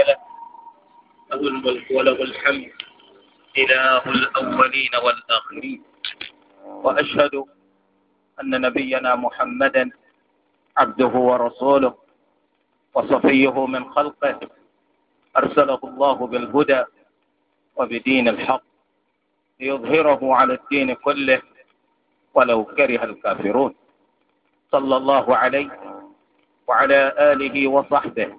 له الملك وله الحمد إله الأولين والآخرين وأشهد أن نبينا محمدا عبده ورسوله وصفيه من خلقه أرسله الله بالهدى وبدين الحق ليظهره على الدين كله ولو كره الكافرون صلى الله عليه وعلى آله وصحبه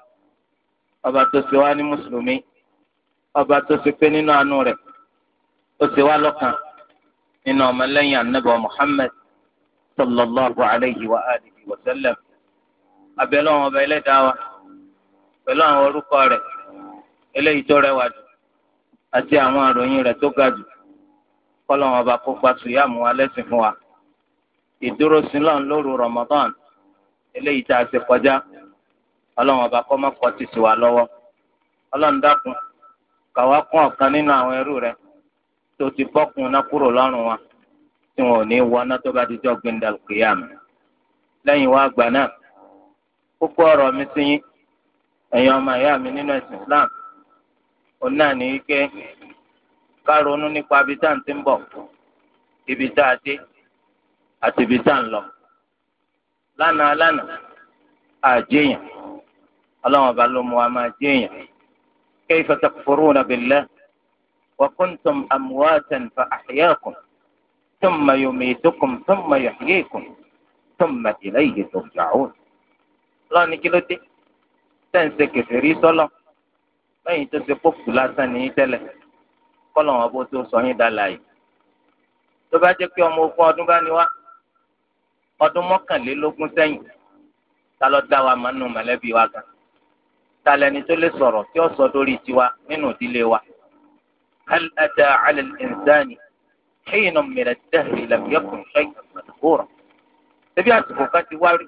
ọba tó ṣe wá ní mùsùlùmí ọba tó ṣe pé nínú àánú rẹ̀ ó ṣe wá lọ́kàn nínú ọmọlẹ́yìn anábọ̀ Muhammad sallallahu alayhi wa alihi wa sallam abẹ́lẹ́ ọmọ ọba ẹlẹ́dàá wa pẹ̀lú àwọn orúkọ rẹ̀ eléyìí tó rẹwà jù àti àwọn àròyìn rẹ̀ tó ga jù kọ́lọ́wọ́n ọba kó pa sùyàmù alẹ́sìn fún wa ìdúró sílọ̀ lóru Ramadan eléyìí tá a ṣe kọjá ọlọ́run ọba kọ́ mọ́kọ́ ti sì wá lọ́wọ́ ọlọ́run dákun kàwá kún ọ̀kan nínú àwọn ẹrú rẹ tó ti bọ́kun náà kúrò lọ́rùn wa tí wọn ò ní wọ ọ́nà tó bá ti jọ́ gbẹ̀ndàlù kìyàmù lẹ́yìn wá àgbà náà kókó ọ̀rọ̀ mi sí yín ẹ̀yin ọmọ ìyá mi nínú ẹ̀sìn Islam òun náà ní wípé ká ronú nípa ibi tá à ń ti ń bọ̀ ibi tá a dé àti ibi tá à ń lọ lánàá lánàá àjẹyàn. اللهم ọba ló mú كيف تكفرون بالله وكنتم أمواتا فأحياكم ثم wa ثم يحييكم ثم ahyaakum ترجعون yumitukum نكلتي تنسك thumma الله turja'un. ọlọ́run ní kí ló dé tẹ̀sẹ̀ kẹfẹ́ rí sọ́lọ̀ lẹ́yìn tó ṣe pọ́pù lásán ní tẹ́lẹ̀ kọ́lọ̀ bó tó sọ yín dálà tó bá jẹ́ pé ọmọ ogún ọdún bá ní wá ọdún mọ́kànlélógún sẹ́yìn ta ló dá wa mọ́nú mọ̀lẹ́bí wa gan talẹni tó lè sọ̀rọ̀ tí ó sọ tiwa nínú ìdílé wa. hal ata ala al-insani hinun dahri lam yakun àsìkò ti wárí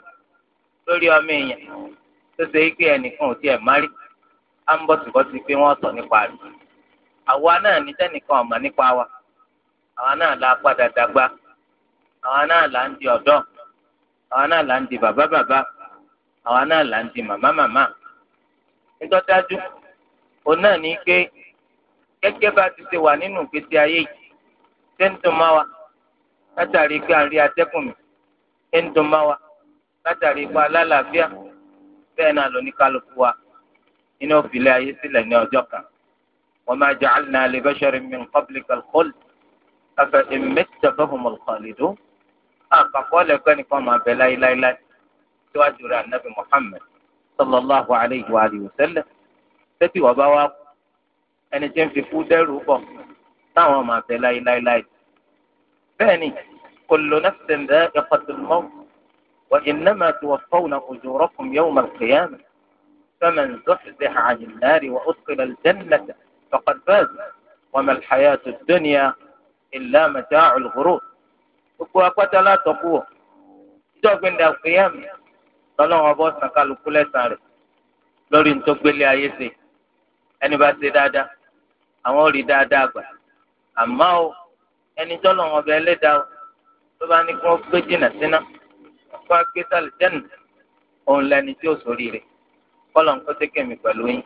lórí ọmọ èèyàn tó ṣe é pé ẹnìkan ò tiẹ̀ má á ń bọ̀ síkọ́ sí pé wọ́n sọ nípa rẹ̀. àwa náà ní tẹ́nìkan ọ̀mà nípa wa àwa náà la padà dàgbà àwa náà là ń di ọ̀dọ́ àwa náà là ń di bàbá bàbá àwa náà là ń di màmá màmá. nítorí dájú òun náà ní pé gẹ́gẹ́ bá ti ṣe wà nínú ìgbésí ayé yìí ṣé ń dùn má wa látàrí pé à atẹ́kùn mi ṣé ń dùn má wa látàrí pé alálàáfíà bẹ́ẹ̀ náà ló ní kálukú wa inú òfìlẹ̀ ayé sílẹ̀ ní ọjọ́ kan wa ma ja'alna li basharin min qablikal khuld afa in mitta fahumul àpapọ̀ lẹ́kọ́ ẹnìkan máa bẹ̀ láéláéláé síwájú rẹ̀ ànábì Muhammad صلى الله عليه وآله وسلم تبي وبواب أنا جن في فودر وبو تاوا ما لا لا لا ثاني كل نفس ذائقة الموت وإنما توفون أجوركم يوم القيامة فمن زحزح عن النار وأدخل الجنة فقد فاز وما الحياة الدنيا إلا متاع الغرور. وقوة لا تقوى. تقوى عند القيامة lọ́lọ́wọ́ bọ́ san kálukú lẹ́sàn rẹ̀ lórí ntọ́gbélé ayé ṣe ẹni bá ṣe dáadáa àwọn ò rí dáadáa gbà àmọ́ o ẹni tọ́lọ̀ wọn bẹ ẹlẹ́dàá o tó bá ní kí wọ́n gbé jìnnà síná fún akéésàlì jẹ́nu òun lẹni tí ó sórí rẹ̀ kọ́lọ̀ nǹkan tẹ́ kẹ̀mí pẹ̀lú yín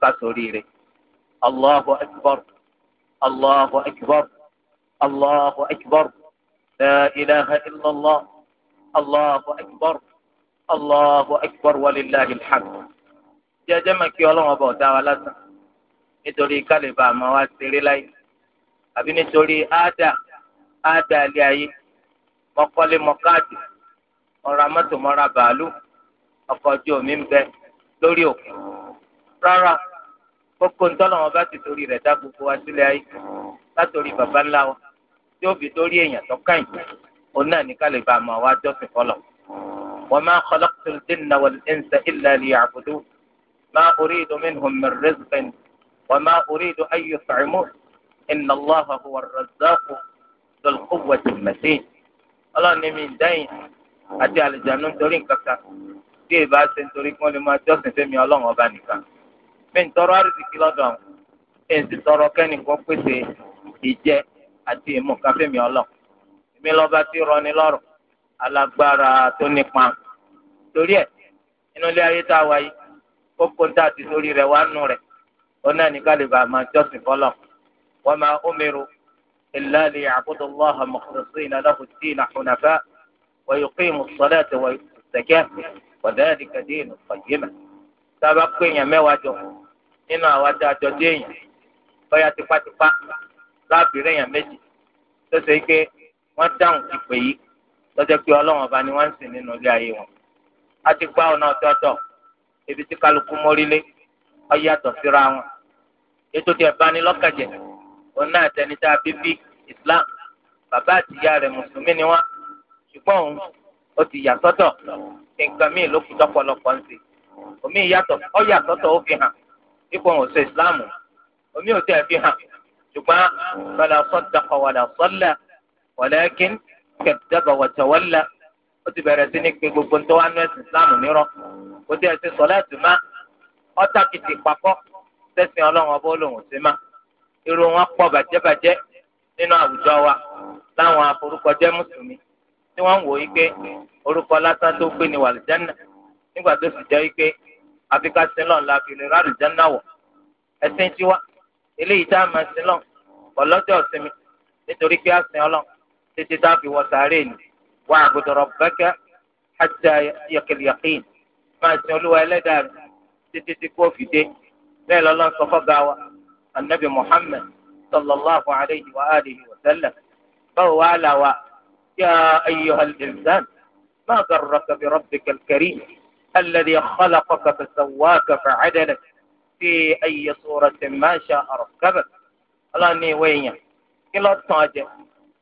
ká sórí rẹ̀ Allahu akbar Allahu akbar Allahu akbar la ilaha illallah allahu akbar walillahi alhamd jẹjẹ máa kí ọlọ́run ọba ọ̀dá wa lásán nítorí kálíbà máa wá ṣeré láyé àbí nítorí áádà áádà ilé ayé mọ́kọ́lé mọ́káàdì ọ̀rọ̀ amọ́tò mọ́ra bàálù ọkọ̀ ojú omi ń bẹ lórí òkun rárá kókó ntọ́lọ́wọ́n bá ti torí rẹ̀ dá gbogbo wa sílẹ̀ ayé látòrí baba ńlá wa tí ó fi torí èèyàn tó kàn òun náà ní kálíbà máa wá jọ́sìn fọlọ́wọ́. وما خلقت الجن والإنس إلا ليعبدون ما أريد منهم من رزق وما أريد أن يطعمون إن الله هو الرزاق ذو القوة المتين الله نمين دين أتي على الجنون تورين كفتا كيف أسن تورين كون لما جسن فمي الله وبانكا من ترى رزق لدن إن ترى كان كوكوسي إجي أتي مكافي مي الله mi lọ́ba tí alágbára tó nípa torí ẹ inú ilé ayé tá a wáyé kókó tá ti sórí rẹ wá nù rẹ ó náà ní kálíbà máa jọ́sìn fọlọ wa ma umiru illa liya'budu Allaha mukhlisina lahu ad-dina hunafa wa yuqimu as-salata wa yu'tu az sábà pé èèyàn jọ nínú dé èèyàn tipátipá èèyàn méjì tó ṣe é pé dáhùn lọ́jọ́ pé ọlọ́wọ́n bá ní wọ́n ń sìn nínú ilé ayé wọn. a ti gbá ọ̀nà ọ̀tọ̀ọ̀tọ̀ ibi tí kálukú mórílé ọ̀yàtọ̀ síra wọn. ètò tí ẹ̀bá ni lọ́kàjẹ́ òun náà tẹni tá a bí bí Islam bàbá àti ìyá rẹ̀ mùsùlùmí ni wọ́n ṣùgbọ́n òun ó ti yà nǹkan míì ló fi lọ́pọ̀lọpọ̀ ń ṣe omi ìyàtọ̀ ọ̀yàtọ̀tọ̀ ó fi hàn ipò òun ṣe Islam omi ò tẹ̀ fi hàn ṣùgbọ́n fala kẹdẹbà wàtẹwọlẹ ó ti bẹ̀rẹ̀ sí ní pé gbogbo tó wà nù ẹ̀sìn islam nírọ́ kò tí ẹ ti sọ láti má ọtá kìtì papọ̀ sẹ́sìn ọlọ́run ọba olóhùn sí má irú wọn pọ̀ bàjẹ́bàjẹ́ nínú àwùjọ wa láwọn aforúkọjẹ́ mùsùlùmí tí wọ́n ń wò yí pé orúkọ lásán tó gbé ni wàlìjánà nígbà tó sì jẹ́ yí pé àfikà sílọ̀ la fi lè rálìjánà wọ̀ ẹ̀sìn tiwa eléyìí tá a máa sílọ̀ ọlọ́jọ́ ọ̀sìn mi nítorí pé àsìn ọlọ́run títí tá a fi wọ sàárè ni wa'budu rabbaka hatta ya'tiyakal yaqin máa sin olúwa ẹlẹ́dàá rẹ títí tí kò fi dé bẹ́ẹ̀ lọ́lọ́ sọ fọ́gà wa anabi muhammed sallallahu alayhi wa alihi wa sallam báwo wàá là wa ya ayyuhal insan ma garraka bi rabbikal karim alladhi khalaqaka fasawwaka fa'adalak fi ayyi suratin ma sha'a rakkabak ọlọ́ni ìwé yẹn kí ló tàn jẹ.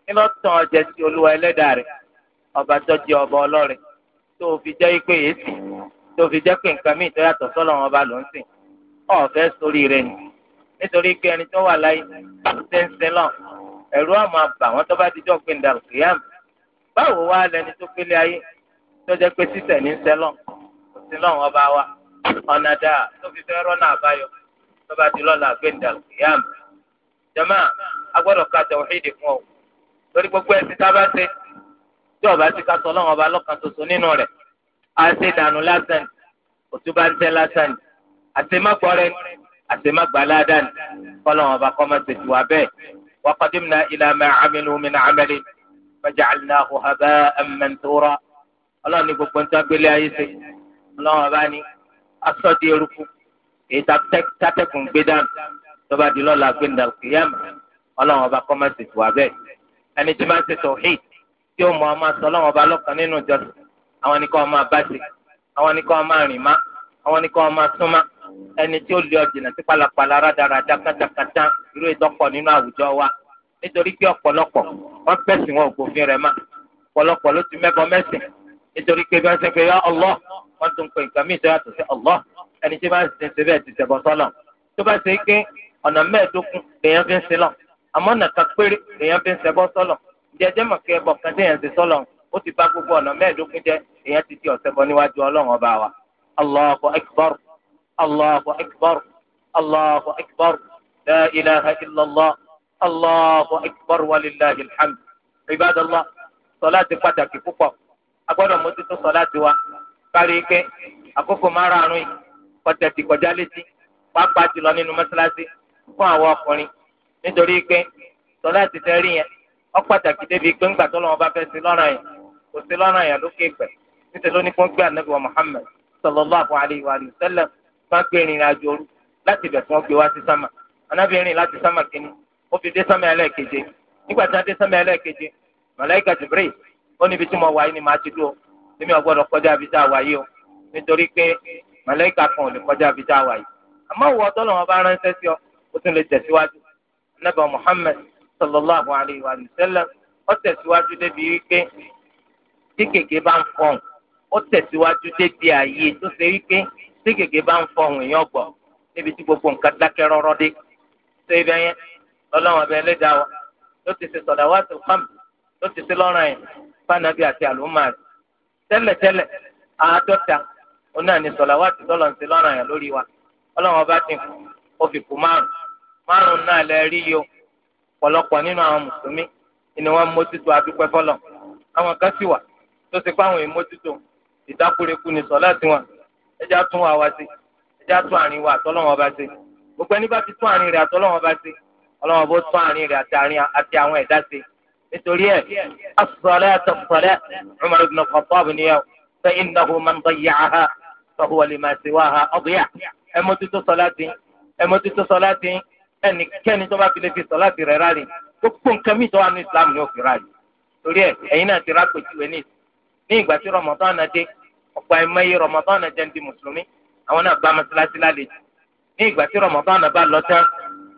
kí ló tàn ọ́ jẹ sí olúwa ẹlẹ́dàá rẹ̀ ọba tó jẹ ọba ọlọ́rẹ̀ tó fi jẹ́ pé èsì tó fi jẹ́ pé nǹkan míì tó yàtọ̀ sọ́lọ̀ ọba ló ń sìn ọ̀fẹ́ sórí rẹ̀ ni nítorí pé ẹni tó wà láyé ṣe ń lọ ẹ̀rú àmọ́ àbà wọn tó bá pé báwo wá lẹni tó gbélé ayé tó jẹ́ pé sísẹ̀ ní sẹ́lọ̀ sí ọba wa ọ̀nà dáa tó fi fẹ́ rọ́nà àbáyọ tó bá lọ́la gbé lórí gbogbo ẹ̀sìn tá a bá ṣe tí ọba ti ká sọ ọlọ́run ọba lọ́kàn tuntun nínú rẹ̀ a ṣe dànù lásán òtúbà ń tẹ́ lásán àṣemágbọ́rẹ́ àṣemágbàládàn kọ́lọ́run ọba kọ́ máa ṣètò wa bẹ́ẹ̀ wa qadimna ila ma amilu min amalin faja'alnahu haba'an manthura ọlọ́run ní gbogbo nǹkan gbélé ayé ṣe ọlọ́run ọba ní asọ́dí eruku èyí gbé dànù tó bá di lọ́la gbé ndàlùkìyàmù ọba kọ́ máa ṣètò wa bẹ́ẹ̀ ẹni tí máa ń ṣe tauhid tí ó mọ ọmọ asọlọ́wọ́ ọba lọ́kàn nínú ìjọsìn àwọn ni kọ́ ọmọ abáṣe àwọn ni kọ́ ọmọ àrìnmá àwọn ni kọ́ ọmọ súnmá ẹni tí ó lé ọ̀jìnà sí pálapàla rádaràda kátàkátà irú ìdọ́kọ̀ nínú àwùjọ wa nítorí pé ọ̀pọ̀lọpọ̀ wọ́n pẹ̀sìn wọn ògbófin rẹ̀ má ọ̀pọ̀lọpọ̀ ló ti mẹ́bọ mẹ́sìn nítorí pé bẹ́ẹ̀ sẹ́kẹ̀ yọ Allah wọ́n tún pe nǹkan mí ìtọ́yà sí Allah ẹni tí bá ń sin síbẹ̀ ti ṣẹ̀bọ̀ sọ́lọ̀ tó bá ṣe é pé ọ̀nà mẹ́ẹ̀ẹ́dógún lèèyàn fi ń sin àmọ́ nàka péré èèyàn fi ń ṣẹbọ sọ́lọ̀ jẹjẹ́ mọ̀ kí ẹbọ kan téèyàn ti sọ́lọ̀ ó ti bá gbogbo ọ̀nà mẹ́ẹ̀ẹ́dógún jẹ́ èèyàn ti di ọ̀sẹ̀ bọ níwájú ọlọ́run ọba wa. allahu akbar allahu akbar allahu akbar la ilaha illallah allahu akbar walillahi alhamd ibadallah sọláàtì pàtàkì púpọ̀ agbọ́dọ̀ mójútó sọláàtì wa kárí ike àkókò márùn-ún yìí kọjá kọjá létí pápá ti nínú mọ́ṣáláṣí fún àwọn ọkùnrin nítorí pé sọlá ti tẹ́rí yẹn ó pàtàkì débi pé ńgbà tó lọ́wọ́ bá fẹ́ sí lọ́ràn yẹn kò sí lọ́ràn yẹn lókè pẹ̀ nítorí ó ní gbé ànábì wa Muhammad sallallahu alayhi wa sallam máa gbé ìrìn àjò òru láti ibẹ̀ tí wọ́n gbé wá sí sámà ànábì rìn láti sámà kínní ó fi dé sámà ẹlẹ́ẹ̀keje nígbà tí a dé sámà ẹlẹ́ẹ̀keje màláíkà Jibril ó níbi tí mo wà yìí ni màá ti dúró èmi ò gbọ́dọ̀ kọjá ibi tá a wà yìí o nítorí pé màláíkà kan ò lè kọjá ibi wà yìí àmọ́ ìwọ tọ́lọ̀ wọn bá ránṣẹ́ sí ọ ó tún lè tẹ̀síwájú nàbà Muhammad sallallahu alayhi wa sallam ó tẹ̀síwájú débi wípé tí kèké bá ń fọ̀hún ó tẹ̀síwájú débi ààyè tó ṣe wípé tí kèké bá ń fọ̀hún èèyàn gbọ́ níbi tí gbogbo nǹkan dákẹ́ rọ́rọ́ dé ṣé ibẹ̀ yẹn lọ́lọ́wọ́n abẹ́ ẹlẹ́dàá wa ló ti ṣe sọ̀dà wá sí fáàmù ló ti ṣe lọ́rùn yẹn fanabi àti àlùmáàdì tẹ́lẹ̀tẹ́lẹ̀ àádọ́ta onáà ni sọ̀làwátì tọ́lọ̀ ń ṣe yẹn lórí wa ọlọ́wọ́n bá ti kú ó fi kú márùn-ún márùn náà lẹ rí yìí o pọ̀lọpọ̀ nínú àwọn mùsùlùmí ni wọ́n mójútó adúpẹ́ fọlọ àwọn kan sì wà tó ti pa àwọn ìmójútó ìdákúrekú ni sọ láti wọn ẹjá tún wà wá sí ẹjá tún àárín wa àtọlọ́wọ́n bá sí gbogbo ẹni bá ti tún àárín rẹ̀ àtọlọ́wọ́n bá sí ọlọ́wọ́n bó tún àárín rẹ̀ àti àwọn ẹ̀dá sí nítorí ẹ asọlẹ àtọsọlẹ Umar ibn Khattab nìyẹn fẹ innahu man dayyaha fa huwa lima siwaha adiya ẹ mójútó sọ láti ẹ mójútó sọ láti ẹnikẹ́ni tó bá fi lè fi sọ láti rẹ̀ rárẹ̀ gbogbo nǹkan mìíràn tó wà ní islam ni ó fi rárẹ̀ torí ẹ ẹ̀yin náà ti rápẹ̀jùwẹ̀ ní ní ìgbà tí rọmọdán náà dé ọ̀pọ̀ ẹ̀mẹ́yẹ rọmọdán náà jẹ́ ń di mùsùlùmí àwọn náà bá mọ́sálásí lálejò ní ìgbà tí rọmọdán náà bá lọ tán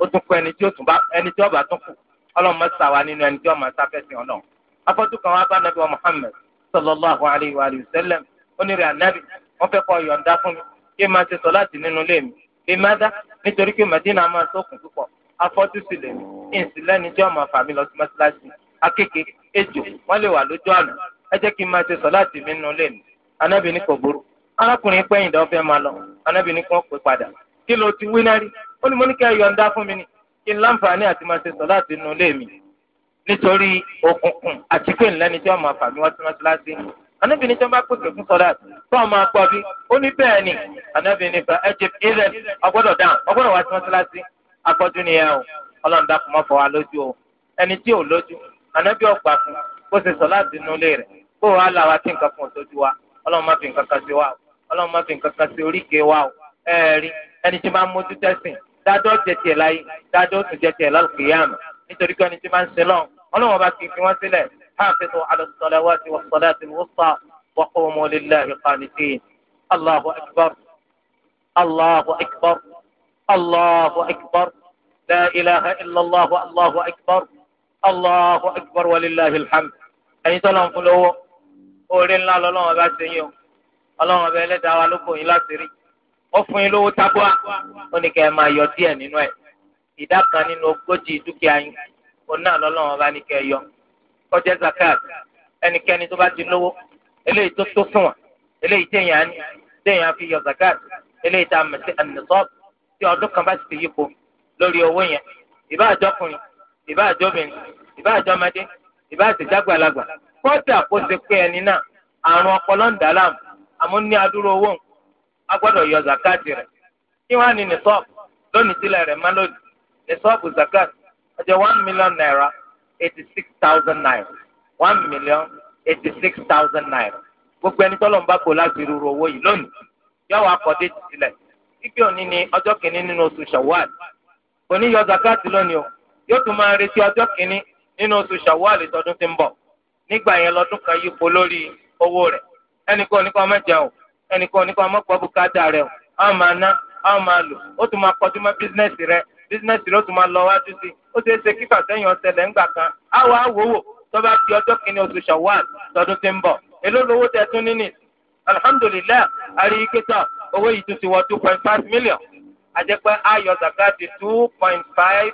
ó tún kọ ẹni tí ó tún bá ẹni tí ó bá tún kù ọlọ́run mọ́ Muhammad sallallahu alayhi wa sallam ó ní rẹ̀ ànábì wọ́n fẹ́ kọ́ yọ̀ǹda fún mi kí lèmádá nítorí pé Madina máa sọkùn púpọ̀ afọ́jú sì lè ìsì lẹ́ni tí ọmọ àfàmì lọ sí mọ́sálásí akéèké ejò wọ́n lè wà lójú àná ẹ kí n máa ṣe sọ láti mi nù lẹ́nu anábì ní kò burú arákùnrin pẹ́yìn dán lọ anábì ní kò pé padà kí ló ti wí ó ní mo ní kí ẹ yọ̀ǹda fún mi ni kí n láǹfààní àti máa ṣe sọ láti nítorí òkùnkùn àti pé anabi ni jọba pèsè fún sọlá tó ọmọ akpọ bí ó ní bẹ́ẹ̀ ni anabi ni fa ẹjẹ ilẹ̀ ọgbọ́dọ̀ dáhùn ọgbọ́dọ̀ wá sí mọ́sálásí akọ́jú nìyẹn o ọlọ́run dàpọ̀ mọ́ fọ wa lójú o ẹni tí ò lójú anabi ọ̀gbà fún kó ṣe sọlá dínú lé rẹ̀ kó wàá là wá sí nǹkan fún òṣojú wa ọlọ́run má fi nǹkan kan sí wa wa o ẹ̀ẹ́rì ẹni tí máa mójú tẹ́sìn dáadọ́ jẹ حافظوا على الصلوات والصلاة الوسطى وقوموا لله قانتين الله أكبر الله أكبر الله أكبر لا إله إلا الله الله أكبر الله أكبر ولله الحمد ẹ̀yin tó lọ́n fún lówó oore ńlá lọ́lọ́run ọba ṣe yín o ọlọ́run ọba ẹlẹ́dàá wa ló kò yín láti rí ó fún yín lówó tábúà ó ní kẹ́ ẹ máa yọ díẹ̀ nínú ẹ̀ ìdá kan nínú ogójì dúkìá yín òun náà lọ́lọ́run ọba ní kẹ́ ẹ yọ kọjá zakat ẹnikẹ́ni tó bá ti lówó eléyìí tó tó fún wa eléyìí téèyàn ní téèyàn fi yọ zakat eléyìí tá a mọ̀ sí ẹnìtọ́ọ̀bù tí ọdún kan bá ti ti yípo lórí owó yẹn ìbá àjọkùnrin ìbá àjọbìnrin ìbá àjọmọdé ìbá àtẹjágbàlagbà kọ́ọ̀tà kó ṣe pé ẹni náà àrùn ọpọlọ ń dàlám àmọ́ ní adúrò owó a gbọ́dọ̀ yọ zakat rẹ̀ kí wọ́n ní nìtọ́ọ̀bù lónìí tílẹ̀ rẹ̀ má lónìí nìtọ́ọ̀bù zakat ọjọ́ one million naira eighty six thousand naira one million eighty six thousand naira gbogbo ẹni tọ́lọ̀ ń bá kó láti rúru owó yìí lónìí yọ wá kọ́ déètì sílẹ̀ ibi òní ni ọjọ́ kìíní nínú oṣù Shawwal òní yọ zakati lónìí o yóò tún máa retí ọjọ́ kìíní nínú oṣù Shawwal tọdún tí ń bọ̀ nígbà yẹn lọ́dún kan yípo lórí owó rẹ̀ ẹnìkan oníkan ọmọ jẹun ẹnìkan oníkan ọmọ pọ̀ bùkátà rẹ̀ o máa ná àwọn máa lò ó tún máa kọjú mọ́ bísínẹ́sì rẹ̀ bísínẹ́sì rẹ̀ ó tún máa lọ wájú sí i ó ṣeé ṣe kí fàsẹ́yìn ọ̀sẹ̀lẹ̀ ńgbà kan á wà á wòwò tó bá fi ọjọ́ kìíní oṣù Shawwal tọdún tí ń bọ̀ èló lówó tẹ tún nínì alhamdulilayi arikita owó yìí tún ti wọ two point five million àjẹpẹ́ ayọ̀ zakati two point five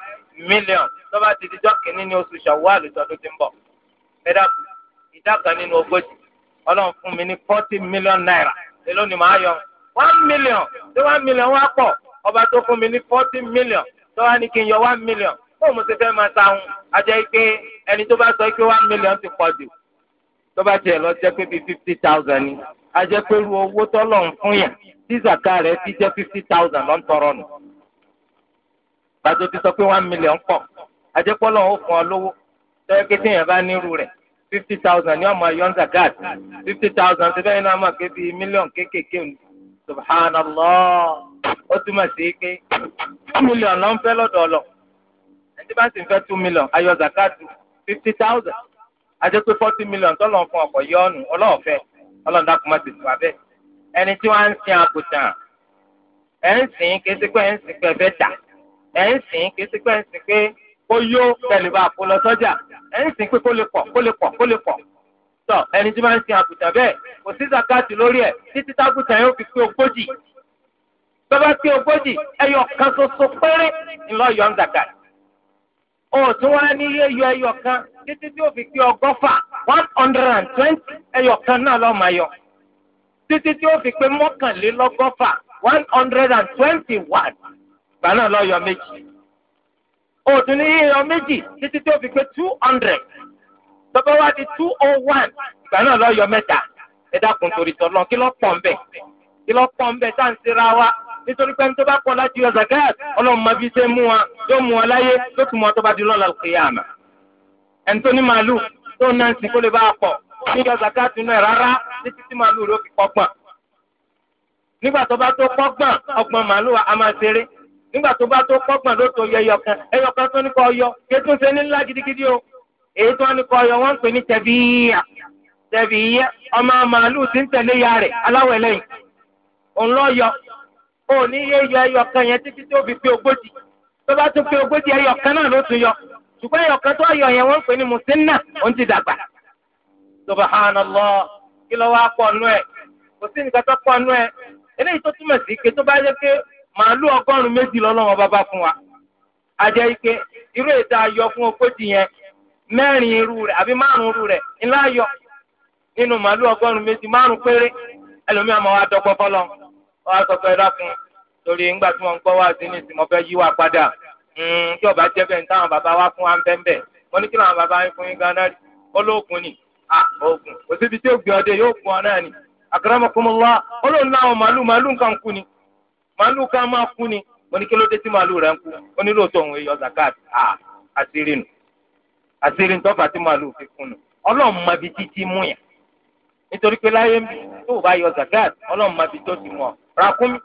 million tó bá ti dijọ́ kìíní ní oṣù Shawwal tọdún tí ń bọ̀ ẹ dàpọ̀ ìdá kan nínú ogójì ọlọ́run fún mi ní forty million naira èló ni màá yọ one million tí one million wá pọ̀ ọba tó fún mi ní forty million tó wá ní kí n yọ one million báwo mo ṣe fẹ́ máa ta ahun ajẹ́ pé ẹni tó bá sọ pé one million ti pọ̀ jù tó bá tiẹ̀ lọ jẹ́ pé bíi fifty thousand ni ajẹ́ pé ru owó tọ́lọ̀ ń fún yàn tí zaka rẹ̀ ti jẹ́ fifty thousand lọ́n tọrọ nù. bàtò ti sọ pé one million pọ̀ ajẹ́ pọ́lọ̀ ó fún ọ lówó tọ́yọ́ pé téèyàn bá nírú rẹ̀ fifty thousand ni wọ́n máa yọ zakat fifty thousand ti bẹ́ẹ̀ náà máa ké bíi mílíọ̀n kéékèèké ni subhanallah ó túmọ̀ sí pé million lọ́n fẹ́ lọ́dọ̀ ọlọ́ọ̀ tí bá sì ń fẹ́ two million ayọ̀ zakati fifty thousand ajẹ́ pé forty million tọ́lọ̀ fún ọkọ̀ yọ ọ̀nù ọlọ́ọ̀fẹ́ ọlọ́run dákun má ti sùn abẹ́ ẹni tí wọ́n á ń sin àgùntàn ẹ̀ ń sìn kí sípẹ́ ẹ̀ ń sìn pé ẹ fẹ́ tà ẹ̀ ń sìn kí sípẹ́ ẹ̀ ń sìn pé kó yó pẹ̀lú bá kó lọ sọ́jà ẹ̀ ń sìn pé kó lè pọ̀ kó lè pọ̀ kó lè pọ̀ tọ̀ ẹni tí wọ́n á ń sin àgùntàn bẹ́ẹ̀ kò sí zakati lórí ẹ̀ títí tágùntàn yóò fi pé ogójì bàbá pé ogójì ẹyọ kan ṣoṣo péré ńlọ ń zakati o tí wọn ní iye yọ ẹyọ kan títí tí ó fi pé one hundred and twenty ẹyọ kan náà lọ́ọ́ máa yọ títí tí ó fi pé mọ́kànlélọ́gọ́fà one hundred and twenty one gbà náà lọ́ọ́ yọ méjì o tún ní iye yọ méjì títí tí ó pé two hundred tọ́pẹ́ wá di two oh one gbà náà lọ́ọ́ yọ mẹ́ta ẹ dákun torí tọ́lọ́ kí lọ́ọ́ pọ̀ ń kí lọ́ọ́ pọ̀ ń tá à ń wa nítorí pé ẹni tó bá kọ̀ láti yọ zakat ọlọ́run máa fi ṣe mú wa yóò mú wa láyé yóò tún mú wa tó bá di lọ́la kìyàmà ẹni tó ní màálù tó ń náà sì kó lè bá a pọ̀ ní yọ zakat inú ẹ̀ rárá títí tí màálù rẹ̀ ó fi kọ́gbọ̀n nígbà tó bá tó kọ́gbọ̀n ọgbọ̀n màálù a máa ṣeré nígbà tó bá tó kọ́gbọ̀n ló tó yọ ẹyọkan tó ní kọ́ O ní yé yọ ẹyọ kan yẹn títí tó fi pé ogójì tó bá tún pé ogójì ẹyọ kan náà ló tún yọ ṣùgbọ́n ẹyọ kan tó yọ yẹn wọ́n ń pè ní mùsínà òun ti dàgbà. subhanallah kí ló wá pọ̀ nú ẹ̀ kò sí nǹkan tó pọ̀ nú eléyìí tó túmọ̀ sí ike tó bá yẹ pé màálù ike irú ayọ fún ogójì yẹn mẹ́rin irú rẹ̀ àbí márùn-ún irú rẹ̀ wọ́n á sọ pé dákun torí ńgbà tí wọ́n ń gbọ́ wá sí ní ìsìn mo fẹ́ yí wa padà hmm, tí ọba jẹ́ bẹ́ẹ̀ táwọn bàbá wa fún wa ń bẹ́ẹ̀ wọ́n ní kí làwọn bàbá yín fún yín gan náà olóògùn ni oògùn kò síbi tí ó gbé ọdẹ yóò fún ọ náà ni àkàràmọkùnmọ́wá olóògùn náà màálù màálù kan kú ni màálù kan máa kú ni mo ní kí ló dé tí màálù rẹ̀ ń kú ó ní lóòótọ́ òun èèyàn zakat àṣírí nù àṣírí nù tọ́fà tí màálù fi kú nù ọlọ́run mọbi títí mú yàn nítorí pé láyé mi tó bá yọ zakat ọlọ́run mọbi tó ti mú ọ rakumi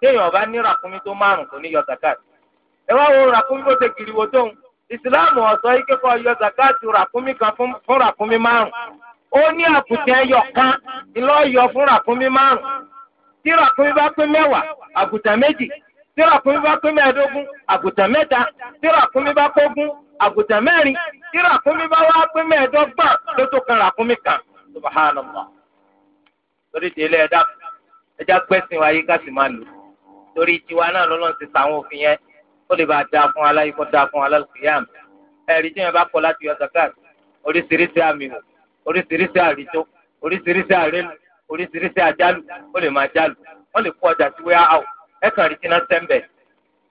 téèyàn bá ní ràkúnmí tó márùn kò ní yọ zakat ẹ wá wo bó ṣe kiri wo tóun ìsìláàmù ọ̀sọ́ ike kọ́ yọ zakat ràkúnmí kan fún rakumi márùn ó ní àbùtẹ́ yọ kan ilọ yọ fún rakumi márùn tí ràkúnmí bá mẹ́wàá méjì tí rakumi bá pé mẹ́ẹ̀ẹ́dógún mẹ́ta tí bá mẹ́rin tí bá wá kan ẹja gbẹ́sìn wa yìí ká sì máa lò torí tiwa náà lọ́lọ́run ti sàwọn òfin yẹn ó lè bá a dáa fún aláyé kó dáa fún alálùkìyàm ẹ̀rí tí yẹn bá kọ́ láti yọ zakat oríṣiríṣi àmì hù oríṣiríṣi àrító oríṣiríṣi àrélu oríṣiríṣi àjálù ó lè máa jálù wọ́n lè kó ọjà sí wíyá àwọ̀ ẹ kàn rí tíná sẹ́ńbẹ̀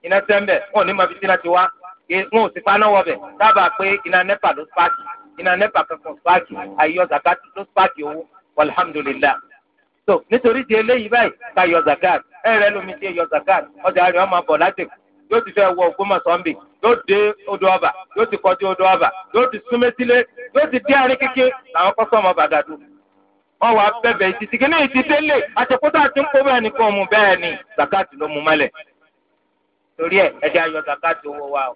iná sẹ́ńbẹ̀ wọn ò ní máa fi tíná ti wá wọn ò sì paná wọbẹ̀ dábàá pé iná nẹ́pà ló spáàkì iná nẹ́pà kankan spáàkì àyíyọ zakat ló spáàkì owó walhamdulillah so nítorí di eléyìí báyìí ká yọ zakat ẹ rẹ lómi tí yọ zakat ọjà rẹ ọmọ bọ láti yóò ti fẹ́ wọ Ògbómọ̀ṣọ́ bì yóò dé odò ọbà yóò ti kọjú odò ọbà yóò ti súnmẹsílẹ yóò ti dé àrí kéke làwọn kọsọmọ bàgàdù wọn wà bẹbẹ ìtìtì ní ìtìtì lè àtẹkùtà àti ńkọ bẹ́ẹ̀ ni kò mú bẹ́ẹ̀ ni zakat ló mú mọ́lẹ̀ torí ẹ ẹ jẹ ayọ zakat owó wa o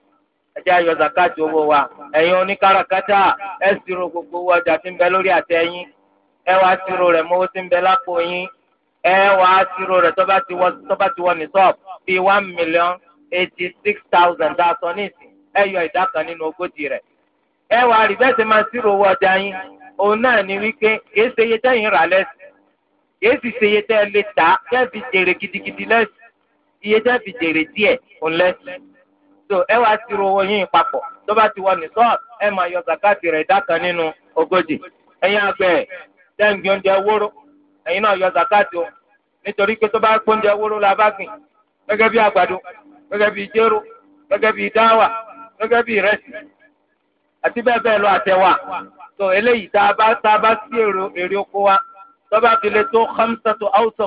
ẹ jẹ́ ayọ zakati owó wa ẹ̀yin oníkàràkátà ẹ ṣírò gbogbo owó ọjà tí ń bẹ lórí àtẹ yín ẹ wá tìrò rẹ̀ mọ́wó tí ń bẹ lápò yín ẹ wá tìrò rẹ̀ tọ́ba ti wọ tọ́ba ti wọ ní sọ́ọ̀bù bíi one million eighty six thousand tá a sọ ní ìsìn ẹ yọ ìdá kan nínú ogójì rẹ̀ ẹ wá rí bẹ́ẹ̀ ṣe máa tìrò owó ọjà yín òun náà ni wípé kìí ṣe iye tẹ́yìn rà lẹ́sìn kìí sì ṣe iye tẹ́ lè tà kẹ́ fi jèrè gidigidi lẹ́sìn iye tẹ́ jèrè díẹ̀ òun lẹ́sìn so ẹ wá tìrò owó yín papọ̀ tọ́ba ti wọ ní sọ́ọ̀bù ẹ máa yọ zakati rẹ̀ ìdá dẹ́ǹgbì oúnjẹ wóró ẹ̀yin náà yọ zakati o nítorí pé tó bá pé oúnjẹ wóró la bá gbìn gẹ́gẹ́ bí àgbàdo gẹ́gẹ́ bí jéró gẹ́gẹ́ bí dáwà gẹ́gẹ́ bí ìrẹsì àti bẹ́ẹ̀ bẹ́ẹ̀ lọ àtẹwà tó eléyìí tá a bá tá a bá sí èrè oko wa tó bá fi lè tó hamsatu awusọ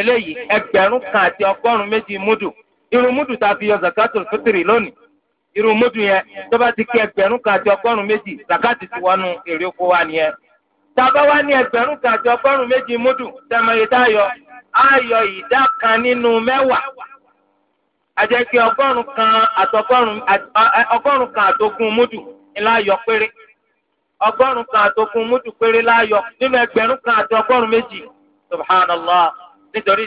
eléyìí ẹgbẹ̀rún kan àti ọgọ́rùn-ún méjì múdù irun múdù tá a fi yọ zakati fitiri lónìí irun múdù yẹn tó bá ti kí ẹgbẹ̀rún kan àti ọgọ́rùn-ún méjì zakati ti wọnú èrè oko wa nìyẹn tàbá wá ní ẹgbẹ̀rún kan àti ọgọ́rùn-ún méjì múdù tẹ̀mọ̀yé táyọ̀ ayọ̀ ìdá kan nínú mẹ́wàá àjẹ́ pé ọgọ́rùn-ún kan àtọgọ́rùn-ún ọgọ́rùn-ún kan múdù ńláyọ̀ péré ọgọ́rùn-ún kan àtogún múdù péré láyọ̀ nínú ẹgbẹ̀rún kan àti ọgọ́rùn-ún méjì subhanallah nítorí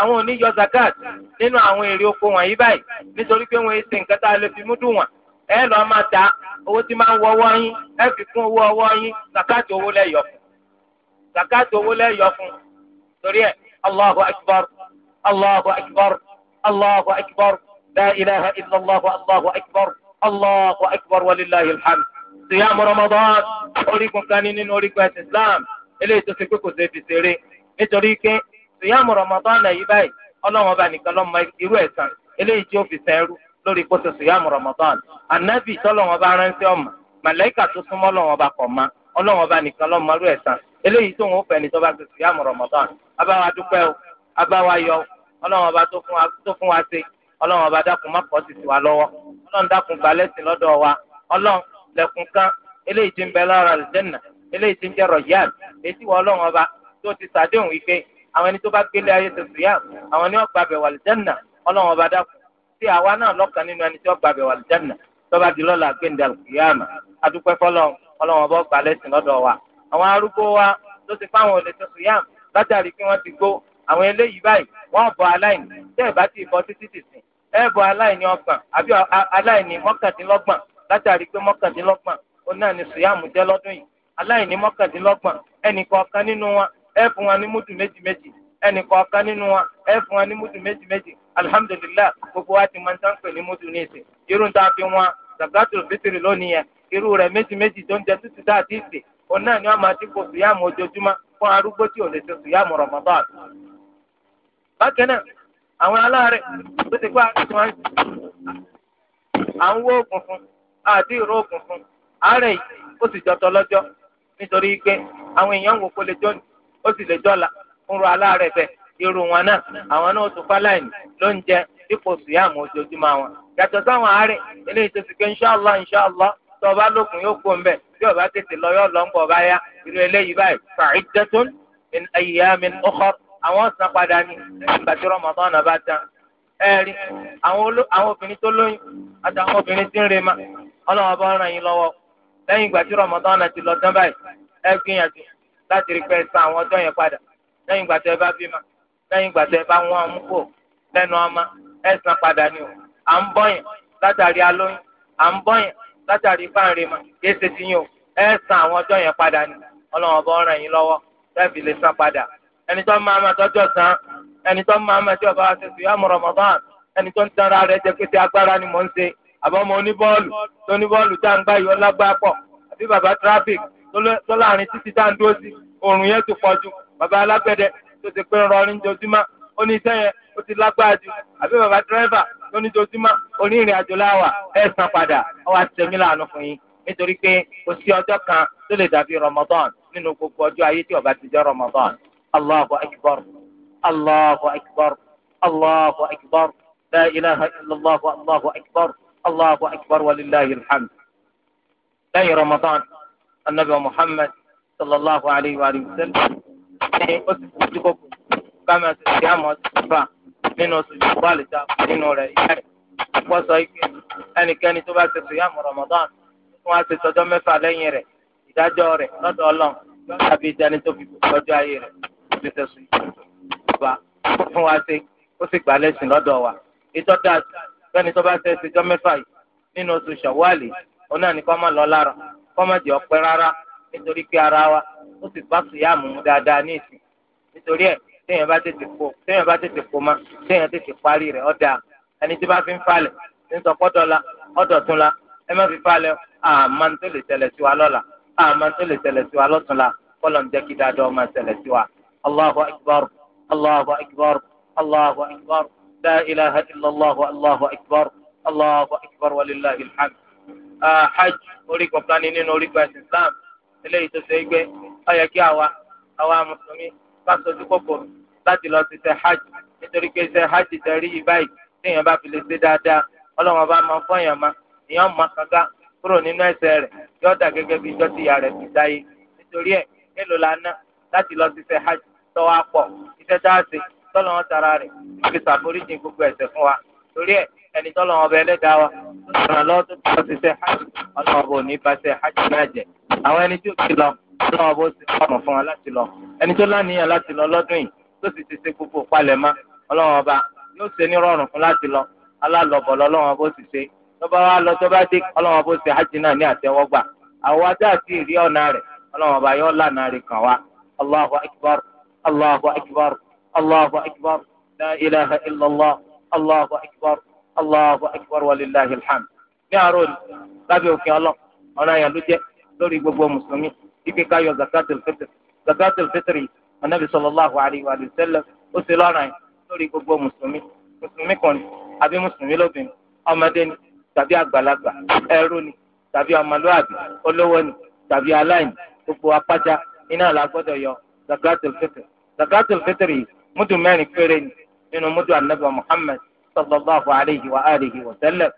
àwọn ò ní yọ zakat nínú àwọn èrè oko wọ̀nyí báyìí nítorí pé wọ́n ṣe nǹkan tá a lè fi mú dùn wọ́n ẹ lọ́ọ́ máa ta owó tí máa ń wọ ọwọ́ yín ẹ fi kún owó ọwọ́ yín zakat owó lẹ́yọ̀ fún zakat owó lẹ́yọ̀ fún torí ẹ allahu akbar allahu akbar allahu akbar la ilaha illallah allahu akbar allahu akbar walillahi alhamd siyamu ramadan orígun kan ní nínú orígun ẹsẹ islam eléyìí tó ṣe pé kò ṣe fi ṣeré nítorí pé sùyàmù Ramadan yìí báyìí Ọlọ́run ọba nìkan ló mọ irú ẹ̀san eléyìí tí ó fi sẹ́rú lórí kó ṣe sùyàmù Ramadan ànábì tọ́lọ́run ọba ránṣẹ́ ọ̀mà màláìkà tó súnmọ́ Ọlọ́run ọba kọ̀ ma Ọlọ́run ọba nìkan ló mọ irú ẹ̀san eléyìí tó ń fẹ́ ni tó bá ṣe sùyàmù Ramadan abáwa dúpẹ́ o abáwa yọ Ọlọ́run ọba tó fún wa ṣe Ọlọ́run ọba dákun má pọ̀ sí wa lọ́wọ́ Ọlọ́run dákun gba lẹ́sìn lọ́dọ̀ wa Ọlọ́run lẹ́kùn kan eléyìí ti ń àwọn ẹni tó bá gbélé ayé ti sùn yá àwọn ni wọ́n gba bẹ̀ wàlìjánà ọlọ́run ọba dákun tí àwa náà lọ́kàn nínú ẹni tí wọ́n gba bẹ̀ wàlìjánà tó bá di lọ́la gbẹ̀ndà kìyàmà adúpẹ́ fọlọ́ ọlọ́run ọba ọgbà lẹ́sìn lọ́dọ̀ wa àwọn arúgbó wa tó ti fáwọn olè ti sùn yá látàrí pé wọ́n ti gbó àwọn eléyìí báyìí wọ́n bọ aláìní tẹ́ ẹ̀ bá ti bọ títí tì ẹ bọ aláìní ọgbọ̀n àbí aláìní mọ́kàndínlọ́gbọ̀n látàrí pé mọ́kàndínlọ́gbọ̀n ó náà ní sùyàmù jẹ́ lọ́dún yìí aláìní mọ́kàndínlọ́gbọ̀n ẹnì kọ̀ọ̀kan nínú wọn ẹ fún wa ní múdù méjì méjì ẹnì kọ̀ọ̀kan nínú wa ẹ fún wa ní gbogbo wa ti máa ń tán pè ní múdù ní ìsìn irú ta fi wọn zakatul fitiri lónìí yẹn irú rẹ méjì méjì tó ń jẹ títí tá a ti sè òun náà ni wọn máa ti fún arúgbó tí ò lè ṣe àwọn aláàárẹ̀ ti àti wọn à ń wó fún àti ìró ó sì jọtọ lọ́jọ́ nítorí pé àwọn èèyàn wò kó ó sì lè dọ́là fúnra aláàrẹ̀ bẹ́ẹ̀ irú wọn náà àwọn náà tún fáláìní ló ń jẹ dípò síyàmù ojoojúmọ́ àwọn. yàtọ̀ sáwọn àárẹ̀ eléyìí tó ti pé inṣàlá inṣàlá tó o bá lókun yóò kó mbẹ tí o bá tètè lọ yóò lọ ń bọ̀ báyà irú eléyìí báyìí fa'iddatun min ayyamin ukhar àwọn san padà ní àgbàtí Ramadan náà bá tán. ẹ rí àwọn obìnrin tó lóyún àtàwọn obìnrin tí ń rema ọlọ́wọ́ bá ràn yín lọ́wọ́ lẹ́yìn ìgbà tí Ramadan náà ti lọ tán báyìí ẹ gbìyànjú láti rí pé ẹ san àwọn ọjọ́ yẹn padà lẹ́yìn ìgbà tẹ́ ẹ bá bímọ lẹ́yìn ìgbà tẹ́ ẹ bá wọ́n ọmú lẹ́nu ọmọ ẹ san padà ni o à ń bọ́ látàrí alóyún à ń bọ́ yẹn látàrí fáńrẹ́mà kìí ṣe ti yín o ẹ san àwọn ọjọ́ yẹn padà ni ọlọ́run ọba ọ̀ràn yín lọ́wọ́ tẹ́ẹ̀fì lè san padà ẹni máa ma tọ́jọ́ san ẹni máa ma tí ọba wa ṣe sùn yá mọ̀rọ̀ mọ̀ báà ń tan tó láàrin títí tá à ń dúró sí oòrùn yẹn ti pọ̀ jù bàbá alágbẹ̀dẹ tó ti pé ń rọrin jojúmọ́ ó ní iṣẹ́ yẹn ó ti lágbára jù àbí bàbá dírẹ́fà tó ní jojúmọ́ onírìn àjò láwà ẹ̀ san padà ọ wá tẹ̀mí láàánú fún yín nítorí pé kò sí ọjọ́ kan tó lè dàbí Ramadan nínú gbogbo ọjọ́ ayé tí ó ti jẹ́ Ramadan Allahu akbar Allahu akbar Allahu akbar lẹ́yìn Ramadan anabi muhammed sallallahu alayhi wa sallam ní ó ti fojú kó kámi àti ìyáàmù ọtí fà nínú oṣù jùbọ́ọ̀lù tá nínú rẹ̀ ìyá rẹ̀ wọ́n sọ ike ẹnikẹ́ni tó bá ti sùn yàmù ramadan wọ́n á ti tọjọ́ mẹ́fà lẹ́yìn rẹ̀ ìdájọ́ rẹ̀ lọ́dọ̀ ọlọ́run àbí ìdáni tó fi tọjọ́ ayé rẹ̀ ó ti tẹ̀sùn ìjọba fún wa ṣe ó sì gbà lẹ́sìn lọ́dọ̀ wa ìtọ́ dáa fẹ́ni tó bá ti ṣe tọjọ́ mẹ́fà yìí nínú oṣù ṣàwálì òun náà ní kó má lọ lára kọ́mọ̀dé ọ̀pẹ rárá nítorí pé ara wa ó sì bá sùyàmù mu dáadáa ní ìsìn nítorí ẹ̀ téèyàn bá tètè kó téèyàn bá tètè kó ma téèyàn tètè parí rẹ̀ ọ̀dà ẹni tí bá fi ń falẹ̀ ní sọpọ́dọ̀ la ọ̀dọ̀ ẹ má fi falẹ̀ àmà tó lè tẹ̀lẹ̀ sí wa lọ́la àmà tó lè tẹ̀lẹ̀ sí wa lọ́tún kọ́lọ̀ ń jẹ́ kí dáadọ́ ọmọ tẹ̀lẹ̀ sí wa. allahu akbar allahu akbar allahu akbar allahu akbar allahu akbar Ah, hajj orí kọ̀ọ̀kan ní nínú orí gba islam eléyìí tó ṣe é gbé ó kí àwa àwa mùsùlùmí bá kòkòrò láti lọ sí ṣe hajj nítorí pé ṣe hajj rí yìí báyìí téèyàn bá fi lè dáadáa ọlọ́wọ́n bá ma èèyàn mọ kankan kúrò nínú rẹ̀ yóò dà gẹ́gẹ́ bí ti yà rẹ̀ dáyé nítorí ẹ̀ mélòó láti hajj tọ́wọ́ iṣẹ́ tara rẹ̀ fi ṣàforíjì gbogbo fún wa torí ẹ ẹni tọ́lọ̀ ọba ẹlẹ́dàá wa ọ̀nà lọ́wọ́ tó bá ti ṣe hajj ọ̀nà ọba ò ní bá ṣe hajj náà jẹ àwọn ẹni tí ó ti lọ ọ̀nà ọba ó ti fọmọ fún wa láti lọ ẹni tó láníyàn láti lọ lọ́dún yìí tó sì ti ṣe gbogbo palẹ̀mọ́ ọlọ́wọ́ ọba yóò ṣe ní rọrùn fún láti lọ alálọ̀bọ̀ lọ́wọ́ ọba ó sì ṣe lọ́ba wa lọ tó bá dé ọlọ́wọ́ ọba ó ṣe الله أكبر الله أكبر ولله الحمد ní àárọ̀ ni lábẹ́ òfin ọlọ́ ọ̀nà àyàn ló jẹ́ lórí gbogbo mùsùlùmí ike ká yọ zakatul fitr zakatul fitr anabi sallallahu alayhi wa sallam ó ṣe lọ́ràn yìí lórí gbogbo mùsùlùmí mùsùlùmí kan ni àbí mùsùlùmí lóbìnrin ọmọdé ni tàbí àgbàlagbà ẹrú ni tàbí ọmọlúwàbí olówó ni tàbí aláìní gbogbo apájá iná la gbọ́dọ̀ yọ zakatul fitr zakatul fitr yìí múdù péré ni nínú mọ́tò anabi muhammed sallallahu alayhi wa alihi wa sallam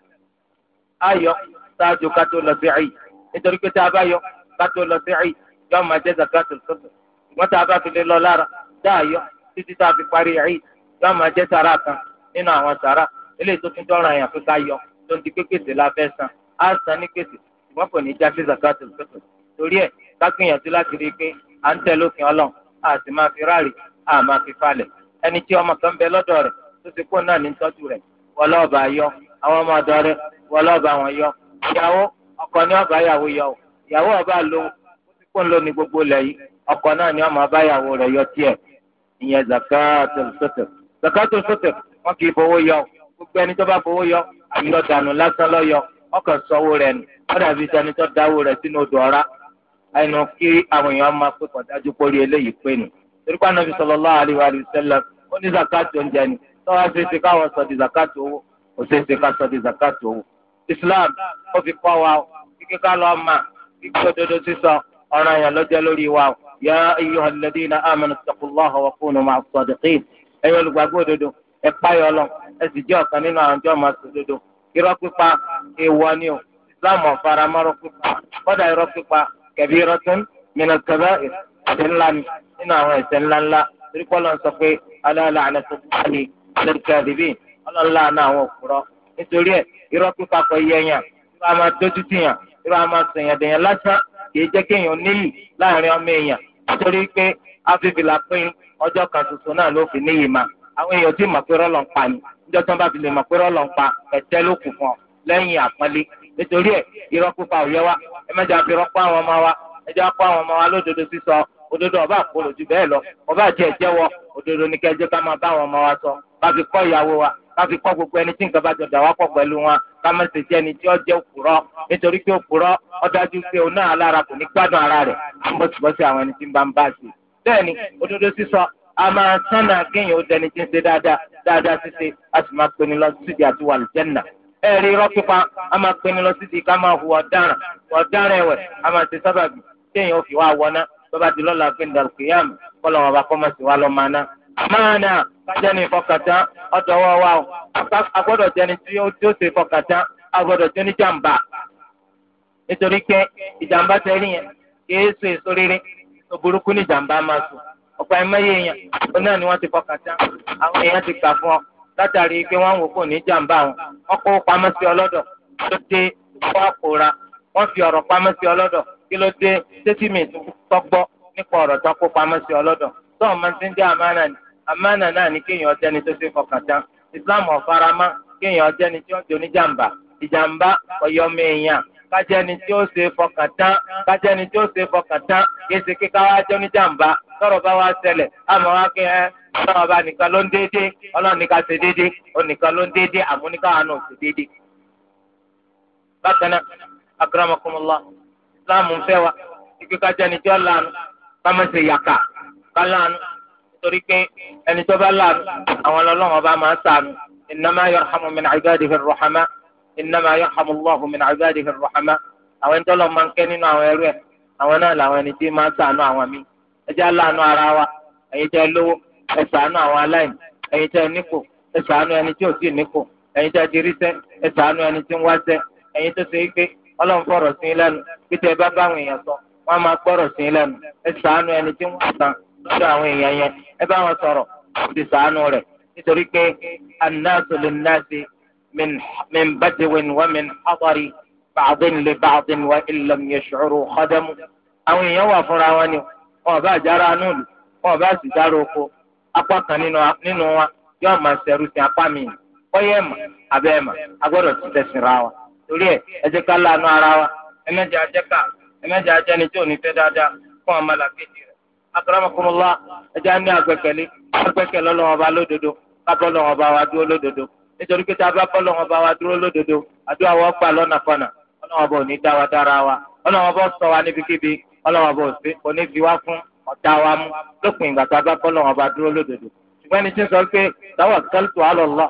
ayọ̀ ṣáájú ká tó lọ sí ẹ̀yìn nítorí pé tá a bá yọ ká tó lọ sí ẹ̀yìn yọ máa jẹ́ zakatul fitr ṣùgbọ́n tá a bá fi lè lọ lára tá a yọ títí tá a fi parí ẹ̀yìn yọ máa jẹ́ sàrà kan nínú àwọn sàrà eléyìí tó tún tọ́ra yàn fún ká yọ tó ń di pépèsè la san á san ní pèsè ṣùgbọ́n kò ní já sí zakatul fitr torí ẹ̀ ká gbìyànjú láti rí i pé à ń tẹ̀ lófin ọlọ́run a sì máa fi ráàlì a máa fi falẹ̀ ẹni tí ọmọ kan bẹ lọ́dọ̀ rẹ̀ tó ti kó náà ní tọ́jú rẹ̀ wọ́n lọ́ọ́ bá yọ àwọn ọmọ ọ̀dọ́ rẹ̀ wọ́n lọ́ọ́ bá wọn yọ ìyàwó ọkọ ni ọba yàwó yọ o ìyàwó ọba lo ti kó lóni gbogbo lẹ̀ yìí ọkọ náà ni ọmọ ọba yàwó rẹ̀ yọ tiẹ̀ ìyẹn zakatul fitr zakatul fitr wọn kì í fowó yọ gbogbo ẹni tó bá fowó yọ torípa nàbì sallallahu alaihi wa sallam ó ní zakati oúnjẹ ni tọ́wọ́ ṣe ti káwọn sọ di zakati owó kò ṣe ti ká sọ di zakati owó. islam ó fi kọ́ wa kíkẹ́ ká lọ́ọ́ mà kíkẹ́ òdodo sísọ ọ̀ràn yẹn lọ́jọ́ lórí wa ya ayyuhal ladina amanu ittaqullaha wa kunu ma'as sadiqin ẹ̀yin olùgbàgbọ́ òdodo ẹ̀ páyọ̀ lọ ẹ̀ sì jẹ́ ọ̀kan nínú àwọn ọjọ́ máa sọ òdodo irọ́ pípa èèwọ̀ ni o islam ọ̀faramọ́rọ́ pípa kọ́dà irọ́ pípa kabiratan minal kaba'ir àti ńlá ni nínú àwọn ẹ̀ṣẹ̀ ńláńlá torí kọ́ ló ń sọ pé aláàlá àlẹ́sọ̀ fún mi lórí ya ọlọ́lá náà àwọn òkúrọ́ nítorí ẹ̀ irọ́ pípa kọ yẹyàn irọ́ a máa dójú tìyàn irọ́ a máa sèyàn dèyàn lásán kìí jẹ́ kéèyàn níyì láàrin ọmọ èèyàn nítorí pé pín ọjọ́ kan náà ló fi níyì ma àwọn èèyàn tí màpẹ́rọ́ lọ ń pa ni níjọ́ tí wọ́n bá fi lè màpẹ́rọ́ lọ ń pa ẹ̀tẹ́ ló kù fún ọ lẹ́yìn àpọ́nlé nítorí irọ́ pípa wa ẹ mẹ́jọ àwọn ọmọ wa ẹ jẹ́ àwọn ọmọ wa lódodo sísọ ododo ọba àkóró ju bẹ́ẹ̀ lọ ọba àjẹ ìjẹ́wọ́ òdodo ní kẹjọ ká máa bá àwọn ọmọ wa sọ ká fi kọ́ ìyàwó wa ká fi kọ́ gbogbo ẹni tí nǹkan bá jọ dà wá pọ̀ pẹ̀lú wọn ká má ṣe jẹ́ ẹni tí ó jẹ́ nítorí pé ọ dájú pé òun náà alára kò ara rẹ̀ àwọn ẹni tí ń bá ń bá ṣe. a máa sánà kéèyàn ó dẹni tí ń ṣe dáadáa dáadáa a máa hu a máa ṣe sábàbí kéèyàn ó fi wá wọná bàbá ti lọ́la pé ndàlùkìyàm kọ́lọ̀ wọn bá kọ́ mọ̀ sí wa lọ́ máa ná. àmàna kájẹ́ ní ìfọkàntán ọ̀dọ̀ wọ́n wá o agbọ́dọ̀ jẹni tí ó ṣe ìfọkàntán agbọ́dọ̀ jẹ́ níjàmbá nítorí pé ìjàmbá tẹ́lẹ̀ yẹn kìí ṣe èso rere tó burúkú ní ìjàmbá máa sùn ọ̀pọ̀ ẹ̀mọ́ yé èèyàn ó náà ni wọ́n ti fọkàntán àwọn èèyàn ti gbà fún ọ látàrí pé wọ́n wò kò ní ìjàmbá wọn wọ́n kó pamọ́ sí ọlọ́dọ̀ tó dé wọ́n àpòra wọ́n fi ọ̀rọ̀ pamọ́ sí ọlọ́dọ̀ kí ló dé statement mi tọgbọ́ nípa ọ̀rọ̀ tó kó pamọ́ sí ọlọ́dọ̀ tó ọmọ ti ń jẹ́ àmánà ni àmánà náà ni kéèyàn tó ṣe fọkàn tán Islam ọ̀farama kéèyàn ọjẹ́ ni tí ó jẹ oníjàmbá ìjàmbá ọ̀yọ́mọ èèyàn tí ó ṣe fọkàn tán tí ó ṣe fọkàn tán kíkà wá tọrọ bá wá wá kí ẹ tọrọ bá nìkan ló ń nìkan ṣe ló ń náà láàmú fẹ́ wa ikú kájá ni tí ó lanu ká má ṣe yàkà ká lanu torí pé ẹni tó bá lanu àwọn ọlọ́run ọba máa sànù innama yarhamu min ibadihi ar-rahama innama yarhamu Allahu min ibadihi ar-rahama àwọn ẹni tó máa ń kẹ́ nínú àwọn ẹrú ẹ̀ àwọn náà làwọn ẹni tí máa sànù àwọn míì ẹ jẹ́ lanu ara wa ẹ̀yin tẹ́ lówó ẹ ṣàánú àwọn aláìní ẹ̀yin tẹ́ ẹ ọlọ́run fọ̀rọ̀ sí i lẹ́nu pété ẹ bá bá àwọn èèyàn sọ wọ́n á máa gbọ́rọ̀ sí i lẹ́nu ẹ ṣàánú ẹni tí wọ́n san lọ́dọ̀ àwọn èèyàn yẹn ẹ bá wọn sọ̀rọ̀ ó ti ṣàánú rẹ̀ nítorí pé anáàtò lè náàtì min bàtìwìn wà min àbárí bàdín lè bàdín wà ilẹ̀ mi ṣòro kọ́dẹ́mù. àwọn èèyàn wà fúnra wọn ni wọn bá jára nù lù wọn bá sì jára oko apá kan nínú wa yóò máa ṣẹrù sí apá mi wọ́n yẹ mà abẹ́ mà agbọ́dọ̀ ti tẹ̀sìn wa torí ẹ ẹ jẹ́ ká láàánú ara wa ẹ mẹjẹ ajẹ ká ẹ mẹjẹ ajẹ ni tí ò ní fẹ́ dáadáa fún ọmọ làkejì rẹ akramakumullah ẹ jẹ́ ní agbẹ́kẹ̀lé agbẹ́kẹ̀lé Ọlọ́run ọba lódodo kábọ Ọlọ́run ọba wa dúró lódodo nítorí pé tá a bá bọ Ọlọ́run ọba wa dúró lódodo àdúrà wọn gbà lọ́nà fọnà Ọlọ́run ọba ò ní dá wa dára wa Ọlọ́run ọba sọ wa níbikíbi Ọlọ́run ọba ò ní fi wá fún ọ̀tá wa mú lópin ìgbà tá a bá bọ dúró lódodo ṣùgbọ́n ẹni tí ń sọ pé tawakkaltu ala Allah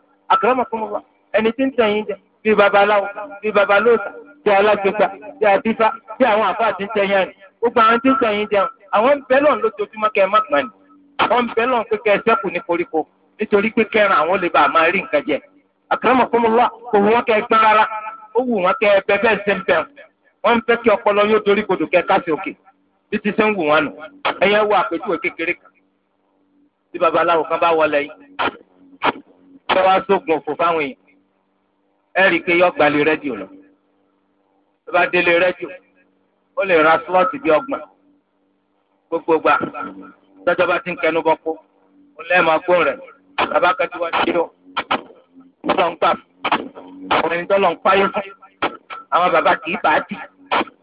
akramakumullah ẹni tí ń tẹ̀yìn jẹ bí babaláwo bí babalóòtà bí alágbègbà bí àdífá bí àwọn àfa àti tẹ̀yìn àná gbogbo àwọn tí ń tẹ̀yìn jẹun àwọn bẹ́lọ̀ lójoojúmọ́ kẹ́ ẹ má gbọ́n ni àwọn bẹ́lọ̀ pé kẹ́ ẹ sẹ́kù ní koríko nítorí pé kẹ́ran àwọn lè bá a máa rí nǹkan jẹ akramakumullah kò wù wọ́n kẹ́ ẹ gbẹ́ rárá ó wù wọ́n kẹ́ ẹ bẹ́ bẹ́ẹ̀ ṣe ń bẹ̀rù wọ́n fẹ́ kí ọpọlọ yóò dorí kodò kẹ́ káfí òkè bí ti ṣe ń wù wọ́n nù ẹ̀yẹ́ wọ àpèjúwe kékeré kan tí babaláwo kan bá wọlé yìí bá wá sógun òfò fáwọn èèyàn ẹ rí i pé yọ gbalẹ̀ rédíò lọ tó bá délé rédíò ó lè ra slọ́ọ̀tì bí ọgbọ̀n gbogbo gbà tọ́jọ́ bá ti ń kẹnu bọ́ kó ó lẹ́ẹ̀ máa gbóhùn rẹ̀ bàbá kẹtù wá sí o tọ́lọ̀ ń gbà ọ̀rẹ́ ni tọ́lọ̀ ń páyé fún àwọn bàbá kì í bàá dì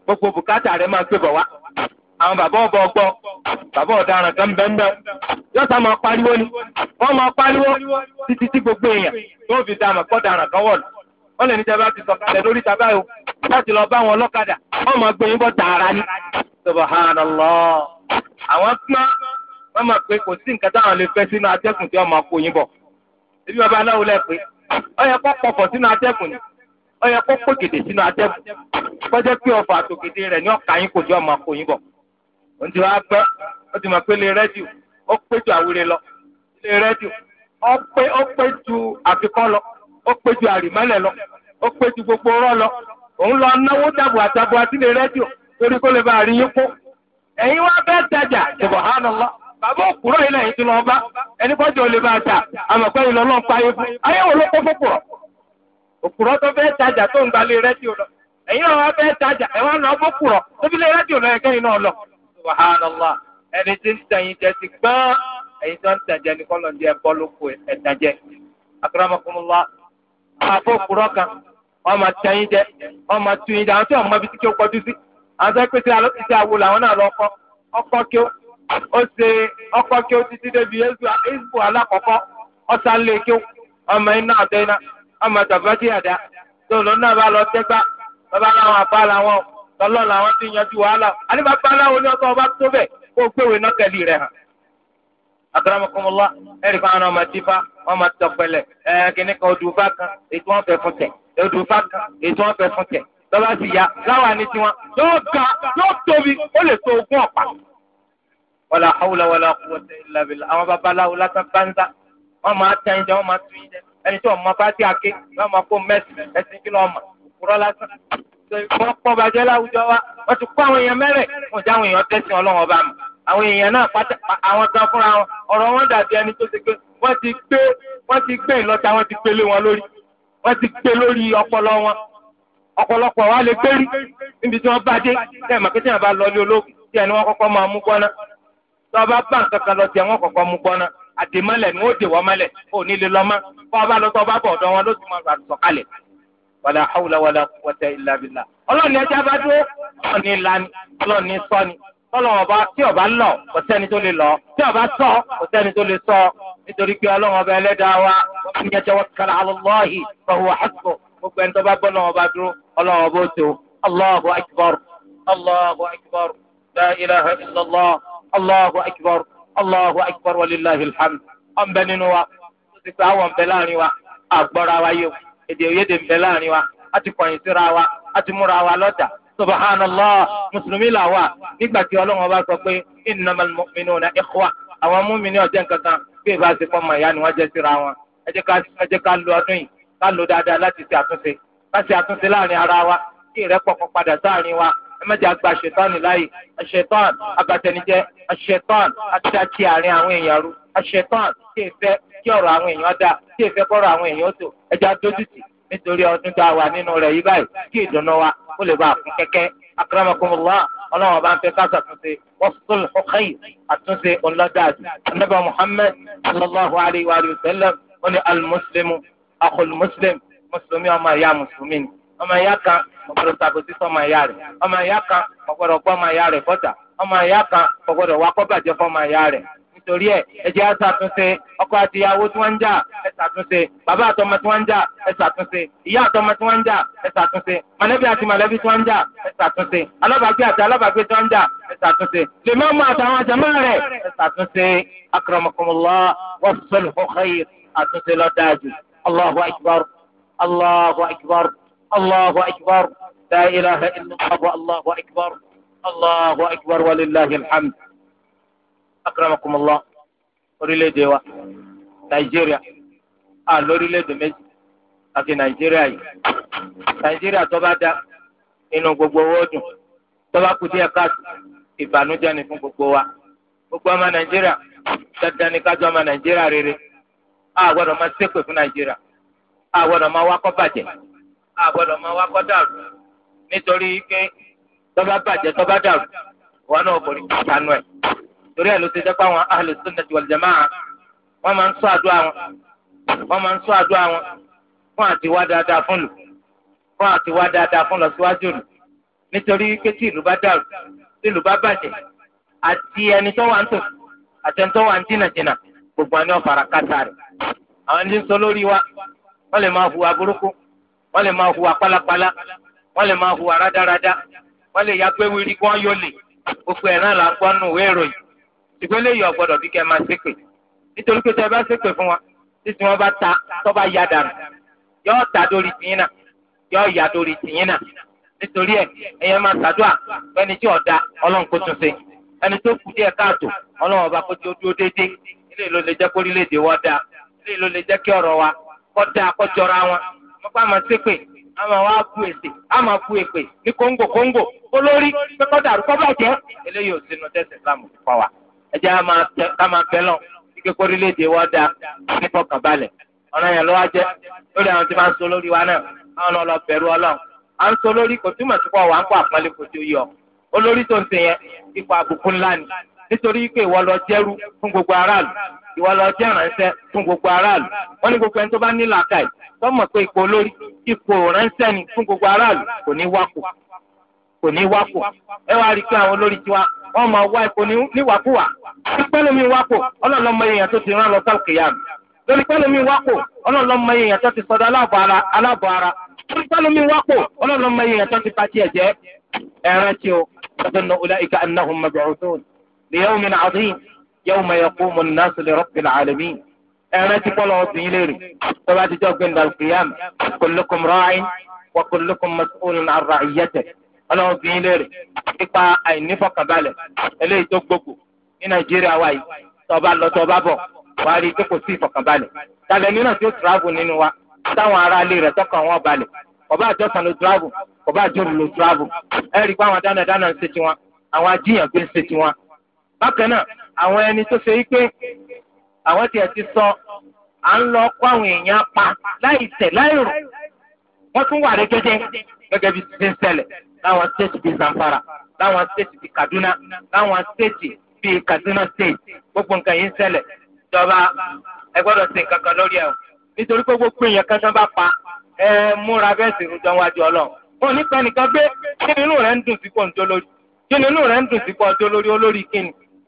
gbogbo bùkátà rẹ̀ máa gbé bọ̀ wá. àwọn bàbá ọbọ ọgbọ bàbá ọdaràn kan bẹ́ẹ̀ yọta máa pariwo ni wọ́n máa pariwo títí tí gbogbo èèyàn tó fi dá àmọ̀ kan wọ̀lú lè ní bá ti sọ lórí tàbá láti lọ bá wọn máa gbé yín tààrà ni. àwọn máa kò sí nǹkan táwọn lè sínú tí ebi aláwo lẹ pé yẹ kó sínú ni ọ yẹ kó sínú kọjá pé yín kò jọ máa òun ti wá pẹ́ dị ti mọ̀ pé lè rẹ́díò ó pé ju àwúre lọ lè rẹ́díò ó pé ó pé ju àfikọ́ lọ ó pé ju àrìmọ́lẹ̀ lọ ó pé ju gbogbo rọ́ lọ òun lọ náwó dàbò àtàbò àti lè rẹ́díò torí kó lè bá a rí yín kó ẹ̀yin wá bẹ́ẹ̀ tajà subhanallah bàbá òkúrọ̀ yìí lẹ́yìn tí lọ́ọ́ bá ẹni lè bá a payé fún ayé wo ló kó fún òkúrọ̀ tó fẹ́ tajà tó ń rẹ́díò subhanallah ẹni tí ń jẹ ti gbọ́n ẹ̀yin tí wọ́n ń tẹ̀jẹ̀ ní kọ́lọ̀ ní ẹ̀bọ́ ló kó ẹ̀tàn jẹ. akramakumullah kan wọ́n máa jẹ wọ́n máa jẹ àwọn tí wọ́n mọ ibi tí kọjú sí làwọn náà lọ kọ́ ọkọ́ kí ó ṣe ọkọ́ kí ó títí débi alákọ̀ọ́kọ́ ọ̀sánlé kí ọmọ iná ọmọ lọ́lọ́ làwọn ti yanjú wàhálà alibaba aláwo ni ọkọ ọba tó bẹ̀ kó gbéwè nọ́kẹ́lì rẹ̀ hàn. akaramakomola ẹ̀rí fáwọn ọmọ tífá wọn máa tọpẹlẹ ẹ kíní kan odùfá kan ètò wọn fẹ́ fún tẹ odùfá kan ètò wọn fẹ́ fún tẹ lọ́ba sì ya láwa ni tiwọn yóò ga yóò tóbi ó lè so ogún ọ̀pá. wàlà hawla wàlà quwwata illa billah àwọn babaláwo lásán bánzá wọn máa tẹ ẹyin jẹ máa tún yín ẹni tí wọn máa bá wọ́n pọ̀ bàjẹ́ láwùjọ wa wọ́n ti kó àwọn èèyàn mẹ́rẹ̀ wọ́n já àwọn èèyàn tẹ̀sìn ọlọ́run ọba mọ̀ àwọn èèyàn náà pátá àwọn kan fúnra wọn ọ̀rọ̀ wọn dàbí ẹni tó ti pé wọ́n ti gbé wọ́n ti gbé ìlọ́ta wọ́n ti pélé wọn lórí wọ́n ti gbé lórí ọpọlọ wọn ọ̀pọ̀lọpọ̀ wa lè gbérí níbi tí wọ́n bá dé bẹ́ẹ̀ mọ̀ pé tí wọ́n bá lọ ní ológun tí ẹni wọn kọ́kọ́ máa mú gbọ́ná tí wọ́n bá bá nǹkan kan lọ tí wọ́n kọ́kọ́ mú gbọ́ná àdèmọ́lẹ̀ ni ó dè wọ́n mọ́lẹ̀ ò ní lè lọ́mọ́ bá wọ́n bá lọ tó bá bọ̀ ọ̀dọ̀ wọn ló ti máa sọ̀kalẹ̀ wàlà hawla wàlà quwwata illa billah ọlọ́ọ̀ni ẹja bá dúró ọlọ́ọ̀ni lani ọlọ́ọ̀ni sọ́ni tọ́lọ́wọ́n bá tí ọba lọ kò sẹ́ni tó lè lọ tí ọba sọ kò sẹ́ni tó lè sọ nítorí pé ọlọ́wọ́n bá ẹlẹ́dàá wa wọ́n ń yẹtọ́ kala alọ́láhi fọwọ́ wàhásùkò gbogbo ẹni tó bá gbọ́ lọ́wọ́ bá dúró ọlọ́wọ́n bó tó allahu akbar allahu akbar la ilaha illallah allahu akbar allahu akbar èdè òyedè ń bẹ láàrin wa a ti kọ̀yìn síra wa a ti múra wa lọ́tà subhanallah mùsùlùmí là wà nígbà tí ọlọ́run ọba sọ pé innamal mu'minuna ikhwa àwọn múmi ní ọjọ́ nǹkan kan bí ìbá ṣe fọmọ ìyá ni wọ́n jẹ́ síra wọn ẹ jẹ́ ká lo ọdún yìí ká lo dáadáa láti ṣe àtúnṣe ká ṣe àtúnṣe láàrin ara wa kí ìrẹ́pọ̀ kan padà sáàrin wa ẹ má àgbà ṣetán láàyè ṣetán abatẹnijẹ ṣetán àti àti àárín àwọn èèyàn rú ṣetán kí ìfẹ́ kí ọ̀rọ̀ àwọn èèyàn dà tí èfẹ́ kọ́rọ̀ àwọn èèyàn tó ẹja dójú tì nítorí ọdún tá a wà nínú rẹ̀ yí báyìí kí ìdùnnú wa ó lè bá a fún kẹ́kẹ́ akramakumullah ọlọ́run bá ń fẹ́ káṣà túnṣe wọ́pùtùn ọ̀kẹ́yì àtúnṣe ọlọ́dàdì anábà muhammed sallallahu alayhi wa sallam ó ní alimuslimu akọlu muslim mùsùlùmí ọmọ ìyá mùsùlùmí ni ọmọ ìyá kan ọgbọdọ sàbòsí sọmọ ìyá rẹ̀ ọmọ ìyá kan ọgbọdọ gbọmọ ìyá rẹ̀ bọta ọmọ ìyá kan ọgbọdọ wakọ bàjẹ́ fọmọ ìyá rẹ̀ nítorí ẹ ẹjẹ á ṣàtúnṣe ọkọ àti ìyàwó tí wọ́n ń jà ẹ ṣàtúnṣe bàbá àtọmọ tí wọ́n ń jà ẹ ṣàtúnṣe ìyá àtọmọ tí wọ́n ń jà ẹ ṣàtúnṣe mọ̀lẹ́bí àti mọ̀lẹ́bí tí wọ́n ń jà ẹ ṣàtúnṣe alábàágbé àti alábàágbé tí wọ́n ń jà ẹ ṣàtúnṣe lèmọ́mù àtàwọn jàmá rẹ̀ ẹ ṣàtúnṣe akramakumullah was-sulhu khair àtúnṣe ló dáa akramakumullah orílẹ̀-èdè wa nàìjíríà à lórílẹ̀-èdè méjì àti nàìjíríà yìí nàìjíríà tó bá dá inú gbogbo owó dùn tó bá kú díẹ̀ káàtó ìbànújẹ́ ni fún gbogbo wa gbogbo ọmọ nàìjíríà dandan ni kájọ ọmọ nàìjíríà rere a gbọ́dọ̀ máa ṣépè fún nàìjíríà a gbọ́dọ̀ ma wákọ bàjẹ́ a gbọ́dọ̀ máa wákọ dàrú nítorí pé tó bá bàjẹ́ tó bá dàrú wọn náà kò ní kí ẹ torí ẹ̀ ló ti dẹ́pọ̀ àwọn ahlu sunnati wal jamaa wọ́n máa ń sọ àdúrà wọn wọ́n máa ń sọ àdúrà wọn fún àti wá dáadáa fún lù fún àti wá dáadáa fún lọ síwájú lù nítorí pé tí ìlú bá dàrú tí ìlú bá bàjẹ́ àti ẹni tó wà ń tò àti ẹni tó wà ń jìnnàjìnnà gbogbo àni ọ̀fàrà kàtà rẹ̀ àwọn ẹni sọ lórí wa wọ́n lè máa hùwà burúkú wọ́n lè máa hùwà pálapàla wọ́n lè máa hùwà rádaràda wọ́n lè yàgbé wíri kí wọ́n yọ lè gbogbo ẹ̀ náà là ń gbọ́ nù wéèrò yìí. ṣùgbọ́n lè yọ ọ̀gbọ́dọ̀ bí kẹ́ máa ṣépè nítorí pé tẹ́ bá fún wa títí wọn bá ta tó bá ya dànù yọ ta dórí tìyín náà ya dórí tìyín náà nítorí ẹ ẹyẹ máa ṣàdúrà fẹni tí ọ̀dà ọlọ́run kó tún ṣe ẹni tó kù díẹ̀ káàtó ọlọ́run ọba kó tí ó dúró déédé ilé ló lè jẹ́ kó wa kọ́ dáa kọ́ jọra wọn mọ́pá máa àmọ́ wa bu èsè àmọ́ bu èpè ní kóńgò kóńgò olórí ẹjẹ́ ká máa fẹ́ lọ kíkẹ́ kó orílẹ̀-èdè wa dá nífọ̀kànbalẹ̀ ọ̀nà yẹn ló wá jẹ́ lórí àwọn tí wọ́n so lórí wa náà àwọn ọ̀nà lọ ọlọ́run à ń lórí kò túmọ̀ sí pọ̀ ń àpọ́nlé kò olórí tó ń yẹn ipò àbùkù ńlá ni nítorí pé ìwọ lọ jẹ́rú fún gbogbo aráàlú ìwọ lọ jẹ́ fún gbogbo kò ní wákò ẹ wá rí i pé àwọn olórí tiwa wọn máa wá epo níwàkúwà pẹ̀lú mi wákò ọlọ́ọ̀lọ́ mọ èèyàn tó ti rán lọ sálùkì yá mi lórí pẹ̀lú wákò ọlọ́ọ̀lọ́ èèyàn tó ti sọdọ aláàbọ̀ ara lórí pẹ̀lú wákò ọlọ́ọ̀lọ́ èèyàn tó ti bá tiẹ̀ jẹ́ ẹ̀rẹ́ o ṣàtúnú ulaika annahum mab'uthun li yawmin 'azim yawma yaqumu an-nasu li rabbil 'alamin ẹ̀rẹ́ ti kọ́ lọ́wọ́ sí ilé rẹ̀ tó bá ti jọ́ gbẹ̀ndàlùkìyàm ọlọ́run fi yín léèrè nípa àìnífọ̀kànbalẹ̀ eléyìí tó gbogbo ní nàìjíríà wa yìí tọba lọ tọba bọ̀ wàá rí i kò sí ìfọ̀kànbalẹ̀ tàbí mìíràn travel nínú wa táwọn aráalé tọkàn wọn balẹ̀ ọba àjọsàn ló travel ọba àjọrò ló travel ẹ rí i ń ṣe tiwọn àwọn ajíyàn ń ṣe tiwọn. bákan náà àwọn ẹni tó ṣe wípé àwọn tiẹ̀ ti sọ à ń lọ kó àwọn èèyàn láwọn stéètì bíi Zamfara láwọn stéètì bíi Kaduna láwọn stéètì bíi Katsina state gbogbo nǹkan yìí ń ṣẹlẹ̀ ìjọba ẹ gbọ́dọ̀ ṣe nǹkan kan lórí ẹ̀ o nítorí pé gbogbo èèyàn kan tán pa ẹ múra bẹ́ẹ̀ sì rújọ wájú Ọlọ́run wọn nípa nìkan gbé kí nínú rẹ̀ ń dùn sí pọ̀ ń jó lórí kí nínú rẹ̀ ń dùn sí ń jó lórí olórí kíni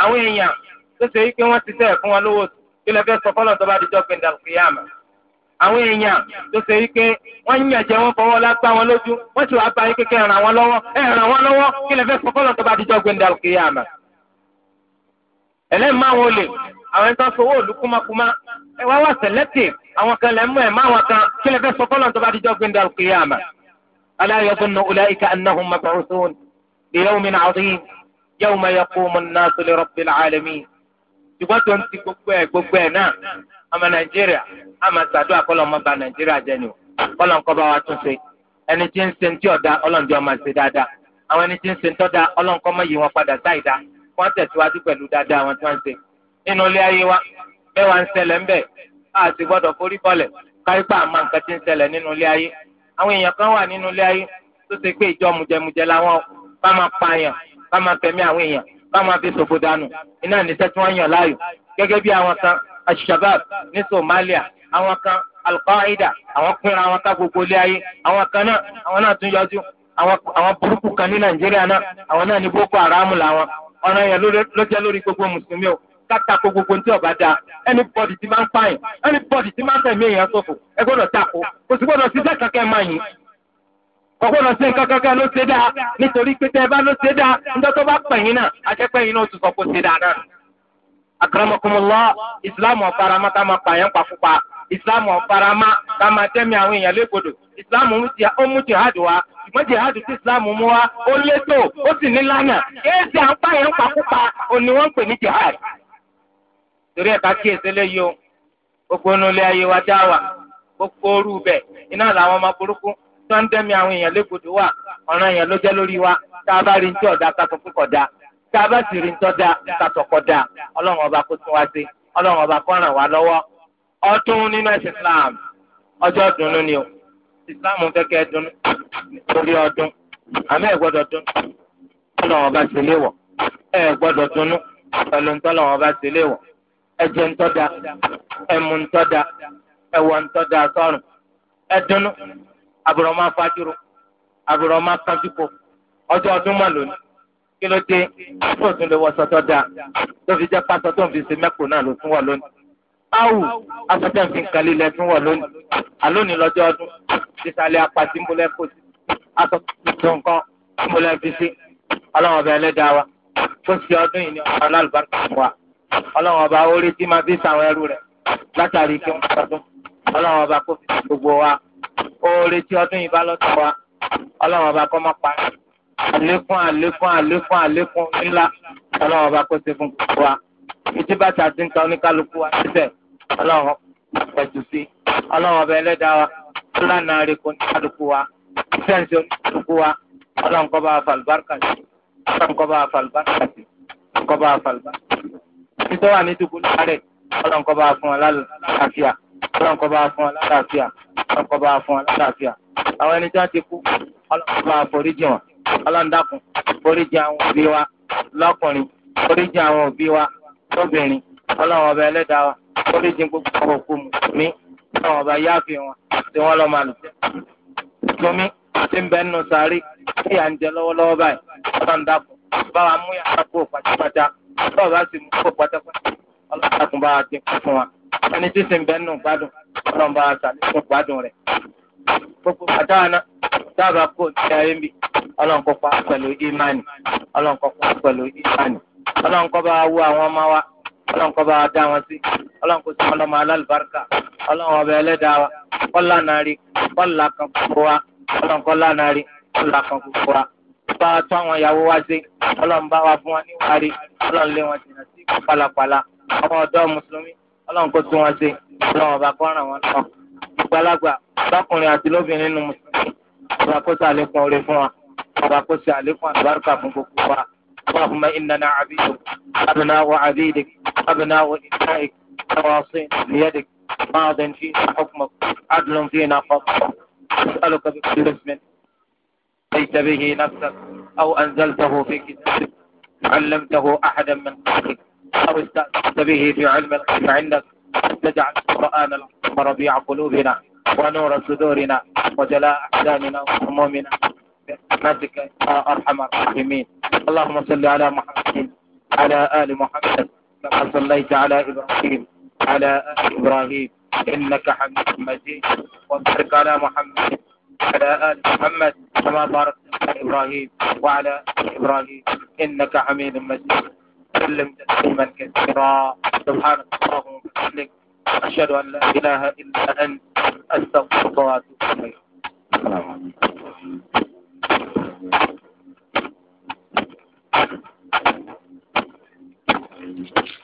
àwọn èèyàn tó ṣe wípé wọ́n ti sẹ́yẹ̀ fún wọn lówó kí lè fẹ́ sọ fọ́lọ́ tó bá dijọ́ pé dàkúyàmà àwọn èèyàn tó ṣe wípé wọ́n ń yànjẹ́ wọn fọwọ́ lágbá wọn lójú wọ́n sì wá bá yín kékeré ràn wọ́n lọ́wọ́ ẹ̀ ràn wọ́n lọ́wọ́ kí sọ fọ́lọ́ tó bá olè àwọn òlu kúmakúma ẹ wá yawma yaqumu an-nasu li rabbil alamin ṣùgbọ́n tó ń ti gbogbo ẹ̀ gbogbo ẹ̀ náà ọmọ nàìjíríà àmà ṣàdúrà ọmọ bá nàìjíríà jẹ́ ni o kọ́ bá wa tún ṣe ẹni tí ń ṣe ń tí ọ̀dà ọlọ́ọ̀dẹ́ ọmọ ṣe dáadáa àwọn ẹni tí ń ṣe ń mọ́ yìí wọn padà wọ́n tẹ̀síwájú pẹ̀lú dáadáa tí wọ́n wa ká máa fẹ̀mí àwọn èèyàn ká máa fi ṣòfò dànù iná níṣẹ́ tí wọ́n yàn láàyò gẹ́gẹ́ bí àwọn kan ashabab ní Somalia àwọn kan al àwọn pínra àwọn gbogbo ilé ayé àwọn kan náà àwọn náà tún yọjú àwọn burúkú kan ní Nàìjíríà náà àwọn náà ní Boko Haram làwọn ọ̀nà yẹn ló jẹ́ gbogbo mùsùlùmí o kátakò gbogbo ndị ọba da ẹni bọ́dì tí máa ń pààyàn ẹni bọ́dì tí máa ń fẹ̀mí èèyàn ẹ gbọ́dọ̀ kò gbọ́dọ̀ máa ọgbọ́dọ̀ sí nǹkan kankan ló ṣe dáa nítorí pé tẹ́ a bá ló ṣe dáa níjọ́ tó bá pẹ̀yìn náà àjẹpẹ̀yìn náà ó tún sọ pé ó ṣe dáa náà. akramakumullah islam ọ̀farama ká máa pààyàn islam ọ̀farama ká máa tẹ́mi àwọn èèyàn jihad wa ṣùgbọ́n jihad tí islam mú wá ó létò ó sì ní lánàá kéèsì à ń pààyàn òní wọ́n pè ní jihad. torí ẹ̀ka kíyèsí léyìí tó ń dẹ́mi àwọn èèyàn légbodò wà ọ̀ràn èèyàn ló jẹ́ lórí wa tá a bá rí ntí ọ̀dà ká sọ kọ̀ da ọba kó tún ọba kó ràn wá lọ́wọ́ ọdún nínú ẹ̀sìn ọjọ́ ni o Islam kẹ́kẹ́ ọdún àmì ẹ̀ gbọ́dọ̀ ọlọ́run ọba sì léwọ̀ ẹ̀ gbọ́dọ̀ pẹ̀lú ntọ́ àbùrọ̀ máa fajúro àbùrọ̀ máa kájúkọ ọjọ́ ọdún mà lónìí kí ló dé àtọ̀tún lè wọ sọtọ́ dáa tó fi jẹ́ pásọ tó ń fi ṣe mẹ́kùn náà ló tún wà lónìí. áwù afẹ́fẹ́ fi ń kalẹ̀ ilẹ̀ tún wà lónìí àlónìí lọ́jọ́ ọdún ìsàlẹ̀ apàtì ń bolẹ̀ kó sí aṣọ tó nǹkan ń bolẹ̀ fi sí ọlọ́run ọba ẹlẹ́dàá wa tó ṣe ọdún yìí ní ọ̀rọ̀ alálùbáríkà wa ọlọ́run ọba orí tí máa fi sàwọn ẹrú rẹ̀ látàrí kí wọ́n sọdún ọlọ́run ọba kó fi gbogbo wa oore tí ọdún yìí bá lọ́tọ̀ wa ọlọ́run ọba kọ́ mọ́ pa àlékún àlékún àlékún àlékún ńlá ọlọ́run ọba kó ṣe fún gbogbo wa ìdí bàtà ti ń ta oníkálukú wa síbẹ̀ ọlọ́run pẹ̀tù sí ọlọ́run ọba ẹlẹ́dàá wa lánàá rẹ̀ kó oníkálukú wa sẹ́ǹsì oníkálukú wa ọlọ́run kọ́ bá wa fàlùbáríkà sí ọlọ́run kọ́ bá wa fàlùbáríkà sí ọlọ́run kọ́ bá wa fàlùbáríkà sí títọ́wà ní dùgbò lárẹ̀ ọlọ́run kọ́ bá wa fún wa lálàáfíà ọlọ́run kọ́ bá fún ọ lálàáfíà ọlọ́run kọ́ bá fún ọ lálàáfíà àwọn ẹni tí wọ́n ti kú ọlọ́run bá foríjì wọn ọlọ́run dákun foríjì àwọn òbí wa lọ́kùnrin foríjì àwọn òbí wa lóbìnrin ọlọ́run ọba ẹlẹ́dàá wa foríjì gbogbo ọkọ̀ òkú mi ọlọ́run ọba yáàfin wọn tí wọ́n lọ́ máa lò lómi tí ń bẹ nínú sáré tí à ń jẹ lọ́wọ́lọ́wọ́ báyìí ọlọ́run dákun bá sì mú ẹni tí sìn bẹ́ẹ̀ nù gbádùn ọlọ́run bá ta nínú gbádùn rẹ̀ gbogbo àdáhàná dábàá kò ní ayé mi ọlọ́run kọ́ pa pẹ̀lú ìmánì ọlọ́run kọ́ pa pẹ̀lú ìmánì ọlọ́run kọ́ bá wú àwọn ọmọ wa ọlọ́run kọ́ bá dá wọn sí ọlọ́run kò sí ọlọ́mọ alálùbáríkà ọlọ́run ọbẹ̀ ẹlẹ́dàá wa kọ́lá nàárí kọ́lá kan gbogbo wa ọlọ́run kọ́lá nàárí kọ́lá kan gbogbo wa bá a tún àwọn ìyàwó wa ṣe ọlọ́run bá wa fún wa níwárí ọlọ́run lé wọn jìnnà sí pálapàla ọmọ ọ̀dọ́ mùsùlùmí ọlọ́run kó tún wọn ṣe ọlọ́run ọba kó ràn wọn lọ gbalagbà lọkùnrin àti lóbìnrin nù mùsùlùmí ọba kó ṣe àlékún oore fún wa ọba kó ṣe àlékún àlùbáríkà fún gbogbo wa اللهم إننا عبيدك أبناء عبيدك أبناء إبنائك تواصين بيدك ماض فينا حكمك عدل فينا فضلك أسألك بكل اسم ليس به نفسك أو أنزلته في كتابك علمته أحدا من خلقك أو استأثرت به في علم الغيب عندك تجعل القرآن العظيم ربيع قلوبنا ونور صدورنا وجلاء أحزاننا وهمومنا برحمتك يا أرحم الراحمين اللهم صل على محمد على آل محمد كما صليت على إبراهيم على آل إبراهيم إنك حميد مجيد وبارك على محمد على آل محمد كما باركت على إبراهيم وعلى آل إبراهيم إنك حميد مجيد وسلم تسليما كثيرا سبحانك اللهم وبحمدك أشهد أن لا إله إلا أنت أستغفرك وأتوب إليك السلام عليكم